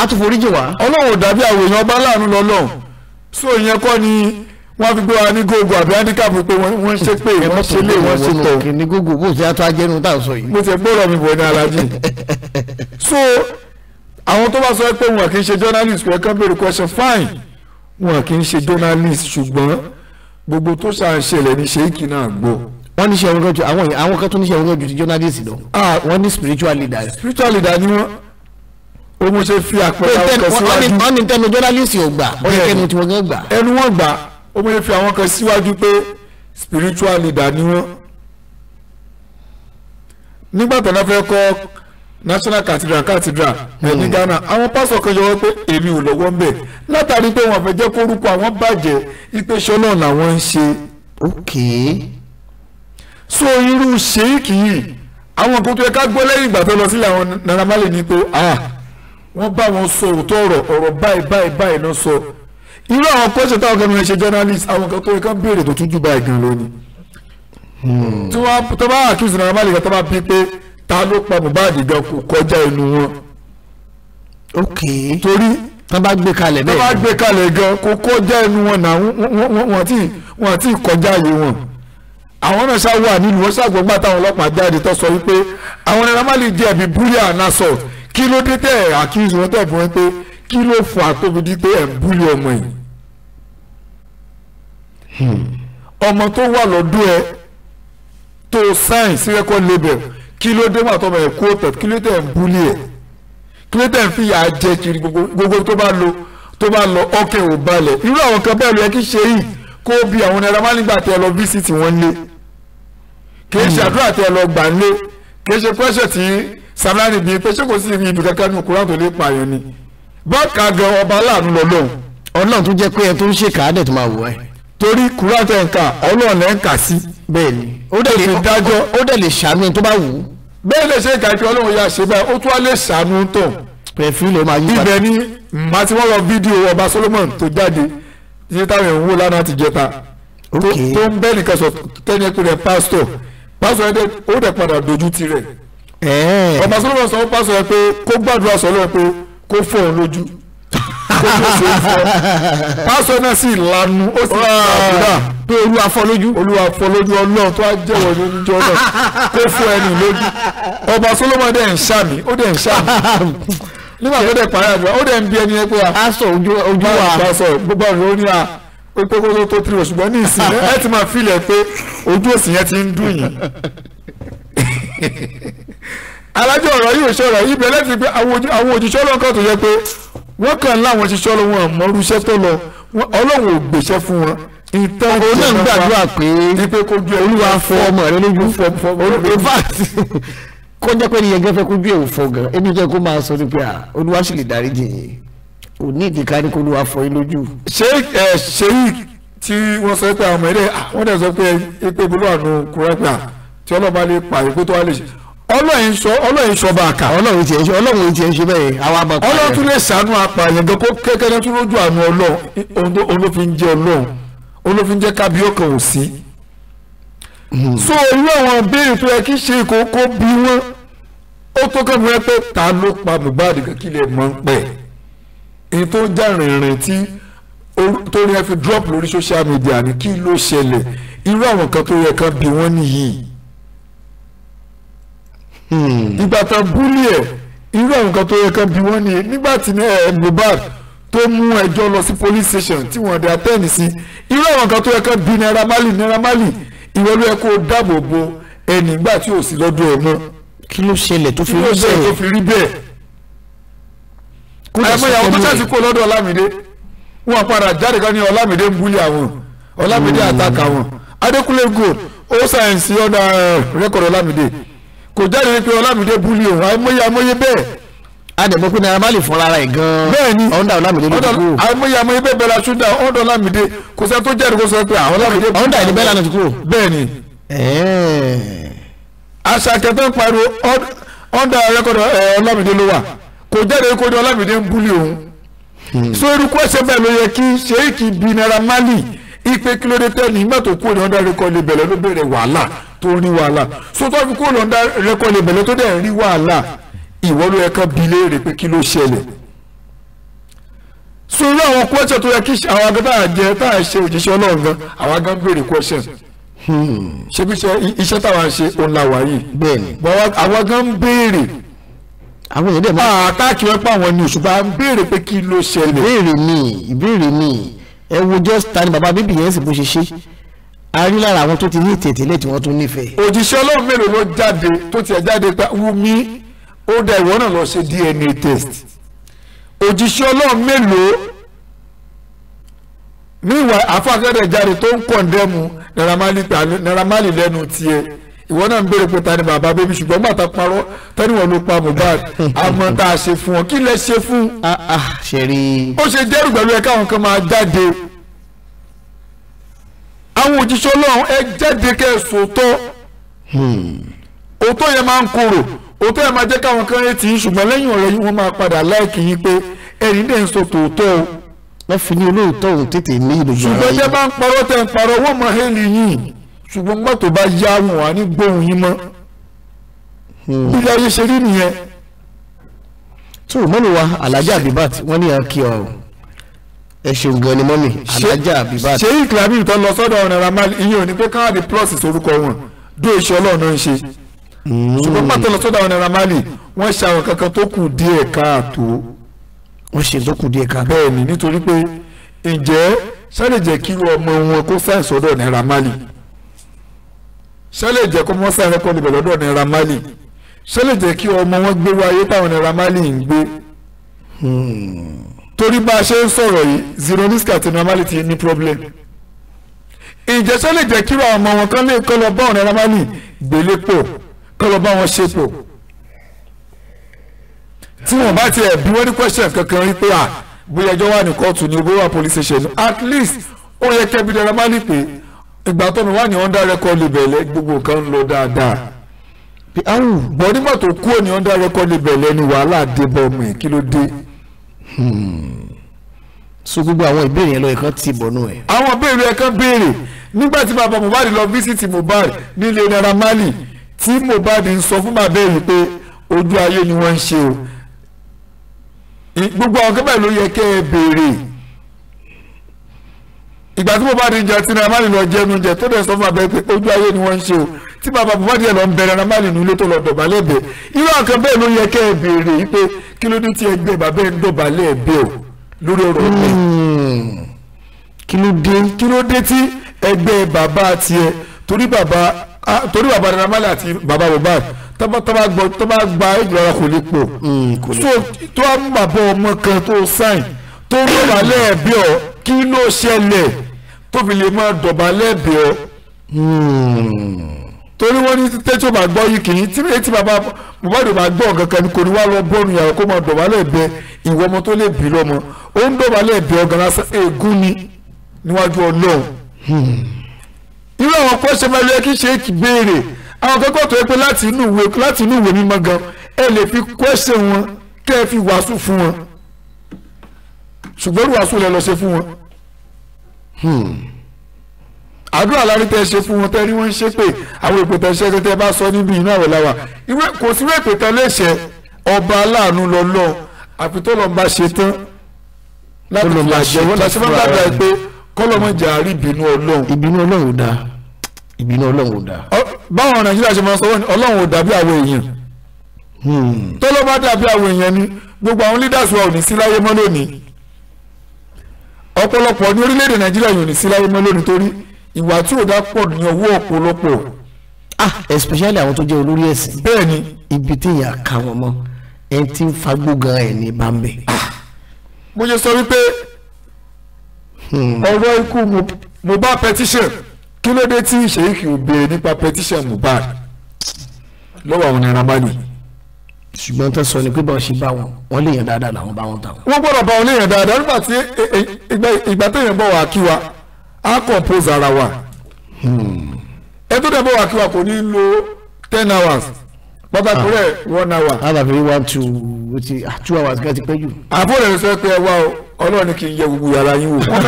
àtúforíjì wá ọlọ́run ò dàbí àwọn èèyàn ọba láàánú lọ́lọ́ so ìyẹn kọ́ ni wọ́n fi gbé wa ní gógó àbí handicap pé wọ́n ṣe pé wọ́n ṣe lé wọ́n ṣe tọ̀ ní gógó bó ṣe á tó ajẹ́nu tá a sọ yìí. mo ti gbọ́dọ̀ mi bọ̀ ní alájí so àwọn tó bá sọ pé wọn kì í ṣe journalist pé kán béèrè question fine wọn kì í ṣe journalist ṣùgbọ́n gbogbo tó ṣàṣẹlẹ̀ ní ṣéèkì náà gbọ́. wọ́n ní sẹ́wọ́n gọ́jú àwọn yìí àwọn kan tó ní sẹ́wọ́n gọ́jú ti journalist lọ. ah wọ́n ní spiritual leader. spiritual leader ni wọ́n ó mú ṣe fi àpẹẹrẹ àwọn kan síwájú. wọ́n ní tẹnu journalist ò gbà ó ní tẹnu tí wọ́n gán gbà. ẹnu wọn gbà ó mú ṣe fi àwọn kan síwájú pé spiritual leader ni wọ́n. nígbà tó náà fẹ́ kọ́ national cathedral cathedral ní hmm. Ghana àwọn pásọ kan yọwọ́ pé èmi ò lọ́wọ́ ń bẹ̀ látàrí pé wọ́n fẹ́ jẹ́ kórúkọ àwọn bàjẹ́ ipe ṣọ́nà làwọn ń ṣe. ok. so irú ṣéèkì yìí àwọn nǹkan tó yẹ ká gbọ́ lẹ́yìn ìgbà tó lọ sílẹ̀ àwọn Naira Marley ni pé ah wọ́n bá wọn sọ òótọ́ ọ̀rọ̀ ọ̀rọ̀ báyìí báyìí báyìí náà sọ irú àwọn kọ́ṣẹ́ táwọn kan ń ṣe journalist àwọn kan tó yẹ ká béèrè tó tún jù báyìí gan lónìí. Hmm. tí wọ́n bá accuse Naira Marley kan tó bá bí pé ta ló pa Mohbad gan kò kọjá ẹnu wọn. ok torí tán bá gbé kalẹ̀ bẹ́ẹ̀ tán bá gbé kalẹ̀ gan kò kọjá ẹnu wọn náà wọ́n ti wọ́n ti kọjá ayé wọn. àwọn náà ṣáà wà nínú wọn ṣàgbọ́gbà táwọn ọlọ́pàá jáde tó sọ wípé àwọn ẹ̀rọ má lè jẹ̀bi búlíà and assault kí ló dé tẹ̀ ẹ̀ àkíyèsí wọn tẹ̀ fún wọn pé kí ló fà á tóbi dí pé ẹ̀ ń búlí ọmọ yìí. Hmm. ọmọ tó wà lọ́dún ẹ tó sáìn sí record label kí ló dé wọn àtọmọ ẹ kó pẹ kí ló dé ẹ ń búlé ẹ kí ló dé ẹ ń fìyà jẹ kiri gbogbo tó bá lọ tó bá lọ ọkẹ ò balẹ̀ irú àwọn kan bẹ́ẹ̀ ló yẹ kí ṣe yìí kó bí àwọn náírà má nígbà tẹ lọ visit wọn lé kì í ṣàdúrà hmm. tẹ lọ gbà lé kì í ṣe pẹ́ṣẹ̀ tí samlani bíi pé ṣé kò sí ibi kankan ní kúrán tó lè pààyàn ni báàkà gan ọba aláàánú lọ lóhùn. ọlọ́run tó jẹ́ pé ẹ tó ń ṣèkà á tó máa wọ ẹ. torí kúrán tẹ̀ ń kà ọlọ́run sí. bẹ́ẹ̀ ni ó dẹ̀ lè ṣàánú tó bá wù ú bẹ́ẹ̀ lè ṣe ìdájọ́ ọlọ́run yà ṣe báyìí ó tún wá lè ṣàánú tó. pẹ̀fín ló máa yí padà ibẹ̀ ni màá ti wọ́n lọ fídíò ọba Solomon tó jáde ní táwọn èèyàn ń wò lánàá ti jẹta tó ń bẹ́ẹ̀ nìkan sọ tẹ́ni ẹ̀kú rẹ̀ pásítọ̀ pásítọ̀ yẹn ó dẹ̀ padà dojú tirẹ̀ ọba Solomon sọ fún pásítọ̀ yẹn pé kó gbàdúrà sọ pé kó fọ́ òun lójú fojú fọ pásọ náà sì lanu ó sì gbàdúrà pé olúwa fọ́ lójú olúwa fọ́ lójú ọlọ́run tó á jẹ́wọ́ lójújọ́ náà kó fọ́ ẹni lójú ọba solomoni dẹ̀ ń ṣàmì ó dẹ̀ ń ṣàmì nígbà tó dẹ̀ parí àdúrà ó dẹ̀ ń bí ẹni yẹn pé a pásọ ojú wa pásọ gbogbo àwọn oní a pé kókó tó tiri ṣùgbọ́n ní ìsìn ẹ ti máa filẹ̀ pé ojú òsì yẹn ti ń dùn yín alájọ ọ̀rọ̀ yìí ò ṣọ̀rọ̀ ibẹ̀ lẹ́sìn pé àwọn òjíṣẹ́ ọlọ́kàn tó yẹ pé wọ́n kàn láwọn ṣiṣẹ́ ọlọ́wọ́n àmọ́ irúṣẹ́ tó lọ ọlọ́wọ́n ò gbèsè fún wọn. ìtàn òun náà ń gbàdúrà pé ipe kojú ẹ olúwa fọ ọmọ rẹ lójú fọ fọ infact kó jẹ́ pé nìyẹn gẹ́fẹ́ kojú ẹ̀ ò fọ gan ẹni jẹ́ kó máa sọ ni olúwa sì lè dárí jìn yín ò ní ìdíkà ní kó olúwa fọ yín lójú. ṣé ẹ ṣé yìí tí wọ́n sọ pé àwọn ọmọ ẹ̀rẹ́ ah, wọ́n dẹ̀ sọ pé ipe ọlọ́run sọ ọlọ́run sọ bá a kà. ọlọ́run tiẹ̀ ṣe ọlọ́run tiẹ̀ ṣe bẹ́ẹ̀ àwa máa pa. ọlọ́run tún lè ṣàánú apààyàn gan kó kékeré tún lójú àánú ọlọ́run olófin jẹ́ ọlọ́run olófin jẹ́ kábíọ́kàn ò sí. Hmm. so irú àwọn béèrè tó yẹ kí ṣe kókó bí wọ́n ó tó kàn mí pé ta ló pa Mohbad gan kí lè mọ̀ ń pẹ́ èyí tó já rìnrìn tí torí ẹ fi drop lórí social media ni kí ló ṣẹlẹ̀ irú àwọn kan tó yẹ kán bí wọ́n nìyí Hmm. ìgbà tó búlì ẹ̀ irú àwọn nǹkan tó yẹ kán bí wọ́n nìyẹn nígbà tí Mohbad tó mú ẹjọ́ lọ sí police station tí wọ́n dé atẹ́ẹ̀nì sí irú àwọn nǹkan tó yẹ kán bí Naira Marley Naira Marley ìwọ ló yẹ kó dáàbò bo ẹnì ìgbà tí ò sí lọ́dọ̀ ẹ̀ mọ́. kí ló ṣẹlẹ̀ tó fi rí bẹ́ẹ̀ kí ló ṣẹlẹ̀ tó fi rí bẹ́ẹ̀ àìmọ̀ ìyàwó tó ṣàṣì kó lọ́dọ̀ Ọlámídé wọn padà jáde kan ní Ọlámídé ń búlẹ̀ àwọn Ọlámídé hmm. àtàkà wọn Adékúnlé gold ó ṣàyẹ̀nsì ọ̀dà eh, rẹ́kọ̀dọ̀ Ọlámídé kò jáde wípé ọlámídé búlì o àìmọye àìmọye bẹ́ẹ̀. adẹ̀mọ́ pé Naira Marley fúnra rẹ̀ gan-an bẹ́ẹ̀ni ọ̀ndà ọlámídé ló dúró. àìmọye àìmọye bẹ́ẹ̀ bẹ́ẹ̀ la ṣúdà ọ̀ndà ọlámídé kò sẹ́ tó jáde kó sọ pé àwọn ah, ọlámídé. ọ̀ndà ìdí bẹ́ẹ̀ lánàá ti kúrò. bẹ́ẹ̀ni. àṣà kẹtẹ́ pariwo ọ̀ndà rẹ́kọ̀dọ̀ ọlámídé ló wà kò jáde kó ní ọlámídé òun. Hmm. so kó ẹsẹ̀ bẹ́ẹ̀ ló yẹ kí Sheikh bí Naira Marley ipe kílódé tẹ́lẹ̀ nígbà tó kúrò ní ọ̀dà rẹ́kọ̀lì bẹ̀lẹ̀ ló bẹ̀rẹ̀ wàhálà tó rí wàhálà so tó fi kúrò ní ọ̀dà rẹ́kọ̀lì bẹ̀lẹ̀ tó dẹ̀ rí wàhálà ìwọ ló yẹ ká bi léèrè pé kí ló ṣẹlẹ̀ so irú àwọn question tó yẹ kí àwọn agbẹ́ tá à jẹ tá à ṣe òjíṣẹ́ ọlọ́run gan àwọn agbẹ́ ń béèrè question ṣé bí iṣẹ́ táwọn ṣe òun la wà yìí bẹ́ẹ̀ àwọn gan ń béèrè àwọn èèyàn dẹ̀ máa. àtàkì wọn pa àwọn ni òṣùpá ń béèrè pé kí ló ṣẹlẹ̀. ìbéèrè mi ìbéèrè mi ẹ wo just ta ni bàbá bíbí yẹn sì bó ṣe ṣe a rí lára àwọn tó ti ní ìtẹ̀tẹ̀lẹ̀ tí wọ́n tún nífẹ̀ẹ́. òjíṣẹ́ ọlọ́run mélòó ló jáde tó tiẹ̀ jáde pé Wumi ó dá ìwọ náà lọ ṣe DNA test òjíṣẹ́ ọlọ́run mélòó ní ìwà àfọ̀kẹ́rẹ́ jáde tó ń kọ̀ndẹ́mu Naira Marley lẹ́nu tiẹ̀ ìwọ náà ń béèrè pé ta ni bàbá bébí ṣùgbọ́n bàtà parọ́ tẹ́niwọ̀n ló pa Mohbad àmọ́ tá a ṣe fún ọ kí lẹ ṣe fún. Ah, ah, ó ṣe dẹ́rù pẹ̀lú ẹ káwọn kan máa jáde àwọn òjíṣẹ́ ọlọ́run ẹ jáde kẹ́ ẹ sòótọ́ hmm. òótọ́ yẹn máa ń korò òótọ́ yẹn máa jẹ́ káwọn kan retí yín ṣùgbọ́n lẹ́yìn ọ̀rẹ́ yín wọ́n máa padà láìkì yín pé ẹ̀yin dẹ̀ ń sọ tòótọ́ o. wọ́n fi ní olóòótọ́ ṣùgbọ́n nígbà tó bá yá wọn wà ní gbóhùn yín mọ́ bílẹ̀ hmm. ayé ṣe rí nìyẹn. tó o mọ́nu wa alájà Abibat wọ́n ní àkí ọ ẹ ṣeun gan ni mọ́mì alájà Abibat. ṣé ìkìlábì tó lọ sọ́dọ̀ ọ̀rẹ́ ramal iye òní pé káàdì plus sorúkọ wọn bí èṣù ọlọ́run náà ń ṣe. Hmm. ṣùgbọ́n pàtó lọ sọ́dọ̀ ọ̀rẹ́ ramali wọ́n ṣe àwọn kankan tó kù díẹ̀ káàtó. wọ́n ṣe tó kù díẹ̀ káàtó. bẹ́ẹ̀ ni nítorí pé ǹjẹ́ sáré jẹ́ kí ọmọ wọn kó sáì sọ́dọ̀ ọ̀rẹ́ ramali ṣé lè jẹ́ kó mọ́sàárẹ́ kọ́ níbẹ̀ lọ́dọ̀ Naira Marley ṣé lè jẹ́ kí ọmọ wọn gbé wáyé táwọn Naira Marley ń gbé. Hmm. torí bá a ṣe ń sọ̀rọ̀ yìí Zinobisk àti Naira ti ní problem. ǹjẹ́ ṣé lè jẹ́ kí àwọn ọmọ wọn kan lè kọ́ lọ bá àwọn Naira Marley gbélé pọ̀ kọ́ lọ bá wọn ṣe pọ̀. tí wọ́n bá tiẹ̀ bí wọ́n ní question kankan rí pé à bóyá ẹjọ́ wà ní kóòtù ní bóyá police station at least ó yẹ kẹ́bi Naira Marley pé ìgbà tó mi wà ní under record label lẹ gbogbo nǹkan ń lọ dáadáa bọ́ nígbà tó kúrò ní under record label lẹ ni wàhálà dé bọ́ ọmọ ẹ̀ kí ló dé. Hmm. so gbogbo àwọn ìbéèrè yẹn lọ́yẹ̀ kan ti bọ̀nú ẹ̀. àwọn ìbéèrè yẹn kan béèrè nígbà tí bàbá Mohbad lọ fíṣítì Mohbad nílé Naira Marley tí Mohbad ń sọ fún bàbá yìí pé ojú ayé ni wọ́n ń ṣe o gbogbo àwọn kẹ́bẹ̀ ló yẹ kẹ́ ẹ béèrè ìgbà tí mo bá di ìjà tí Naira Marley lọ jẹnu jẹ tó dẹ̀ sọ fún abẹ́ pé ojú ayé ni wọ́n ń ṣe o tí bàbá bàbá díẹ̀ lọ ń bẹ̀rẹ̀ Naira Marley nílé tó lọ dọ̀bálẹ̀ bẹ̀ irú àkàn bẹ́ẹ̀ ló yẹ kẹ́ ẹ béèrè wípé kí ló dé tí ẹgbẹ́ bàbá ẹ̀ ń dọ̀bálẹ̀ bẹ̀ o lórí ọ̀rọ̀ ọ̀gbẹ́. Hmm. kí ló dé kí ló dé tí ẹgbẹ́ bàbá tiẹ̀ torí bàbá torí bàbá Naira àti bàbá bàbá tó bá gba ìjọra hmm, ọ kí ló ṣẹlẹ̀ tó fi lè máa dọ̀bà lẹ́ẹ̀bẹ̀ ọ́ torí wọ́n ní tẹ́tí bá gbọ́ yìí kì tí etí bàbá Mohbad bá gbọ́ kankan ni kò ní wá lọ bọ́ọ̀nù yàrá kó máa dọ̀bà lẹ́ẹ̀bẹ̀ ìwọ ọmọ tó lè bí lọ́mọ ó ń dọ̀bà lẹ́ẹ̀bẹ̀ ọ̀gá lásán ègún ni níwájú Ọlọ́run irú àwọn kọ́ṣẹ́ máa yẹ kí ṣe é béèrè àwọn akẹ́kọ̀ọ́ tó yẹ pé láti inú ìwé láti inú ìwé mímọ́ gan ẹ lè fi kọ́ṣẹ́ wọn kẹ́ ẹ fi wàásù fún wọn ṣùgbọ́n Hmm. àdúrà lárí tẹ ṣe fún wọn tẹ rí wọn ṣe pé àwọn èpè tẹ ṣe tẹ bá sọ níbi iná àwẹ̀ láwà kò sí ìwé èpè tẹ léṣe ọba aláàánú lọlọ àfi tó lọ́n bá ṣe tán láti fi àjẹ wọn láti fún àgbà ẹ pé kọ́lọ́mọjà rí ìbínú ọlọ́run. ìbínú ọlọ́run ò dáa ìbínú ọlọ́run ò dáa. báwọn nàìjíríà ṣe máa ń sọ ọlọ́run ò dàbí àwọn èèyàn hmm. tó bá dàbí àwọn èèyàn ni gbogbo àwọn leaders wa ò ní sí láyé mọ́ lónìí ọ̀pọ̀lọpọ̀ ní orílẹ̀-èdè nàìjíríà yìí ò ní sí láyé mọ́ lónìí torí ìwà tí ò dá pọ̀ ní ọwọ́ ọ̀pọ̀lọpọ̀. ah especially àwọn tó jẹ́ olórí ẹ̀sìn. bẹ́ẹ̀ni. ibi tí ìyá ka wọn mọ ẹni tí ń fagbó gan ẹ̀ ní bambe. Ah, mo ṣe sọ wípé hmm. ọ̀rọ̀ ikú Mohbad petition kí ló dé tí Sheikh ò béèrè nípa petition Mohbad lọ́wọ́ àwọn Naira Marley ṣùgbọ́n tó sọ ni pé bọ́n ṣe bá wọn wọ́n lè yàn dáadáa làwọn bá wọn tà. wọ́n gbọ́dọ̀ bá wọn lè yàn dáadáa nígbà tí ìgbà téèyàn bọ̀ wá kí wa á compose ara wa. Hmm. ẹ tó dẹ̀ bọ̀ wá kí wa kò ní lo ten hours pátákó ah. rẹ̀ one hour. àbá fi one two wetin ah, two hours gẹ́gẹ́ ti pẹ́ jù. àbó rẹ̀ sọ pé ẹ wá o ọlọ́run ni kì í yẹ gbogbo yàrá yín wò wọ́n fẹ́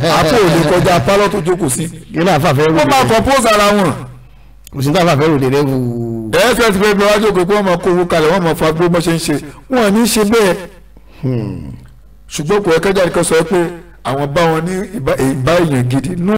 pé àpò kọjá pálọ̀ tó jókòó sí. kí ni àfàfẹ́ rò lè rẹ́ wọ́n máa ẹ fẹ́ ti fẹ́ bí wájú òkè pé wọ́n máa kó owó kalẹ̀ wọ́n máa fa bí wọ́n ṣe ń ṣe wọ́n ní ṣe bẹ́ẹ̀ hmm. ṣùgbọ́n kò yẹ kan sọ pé àwọn bá wọn ní ìbá èèyàn gidi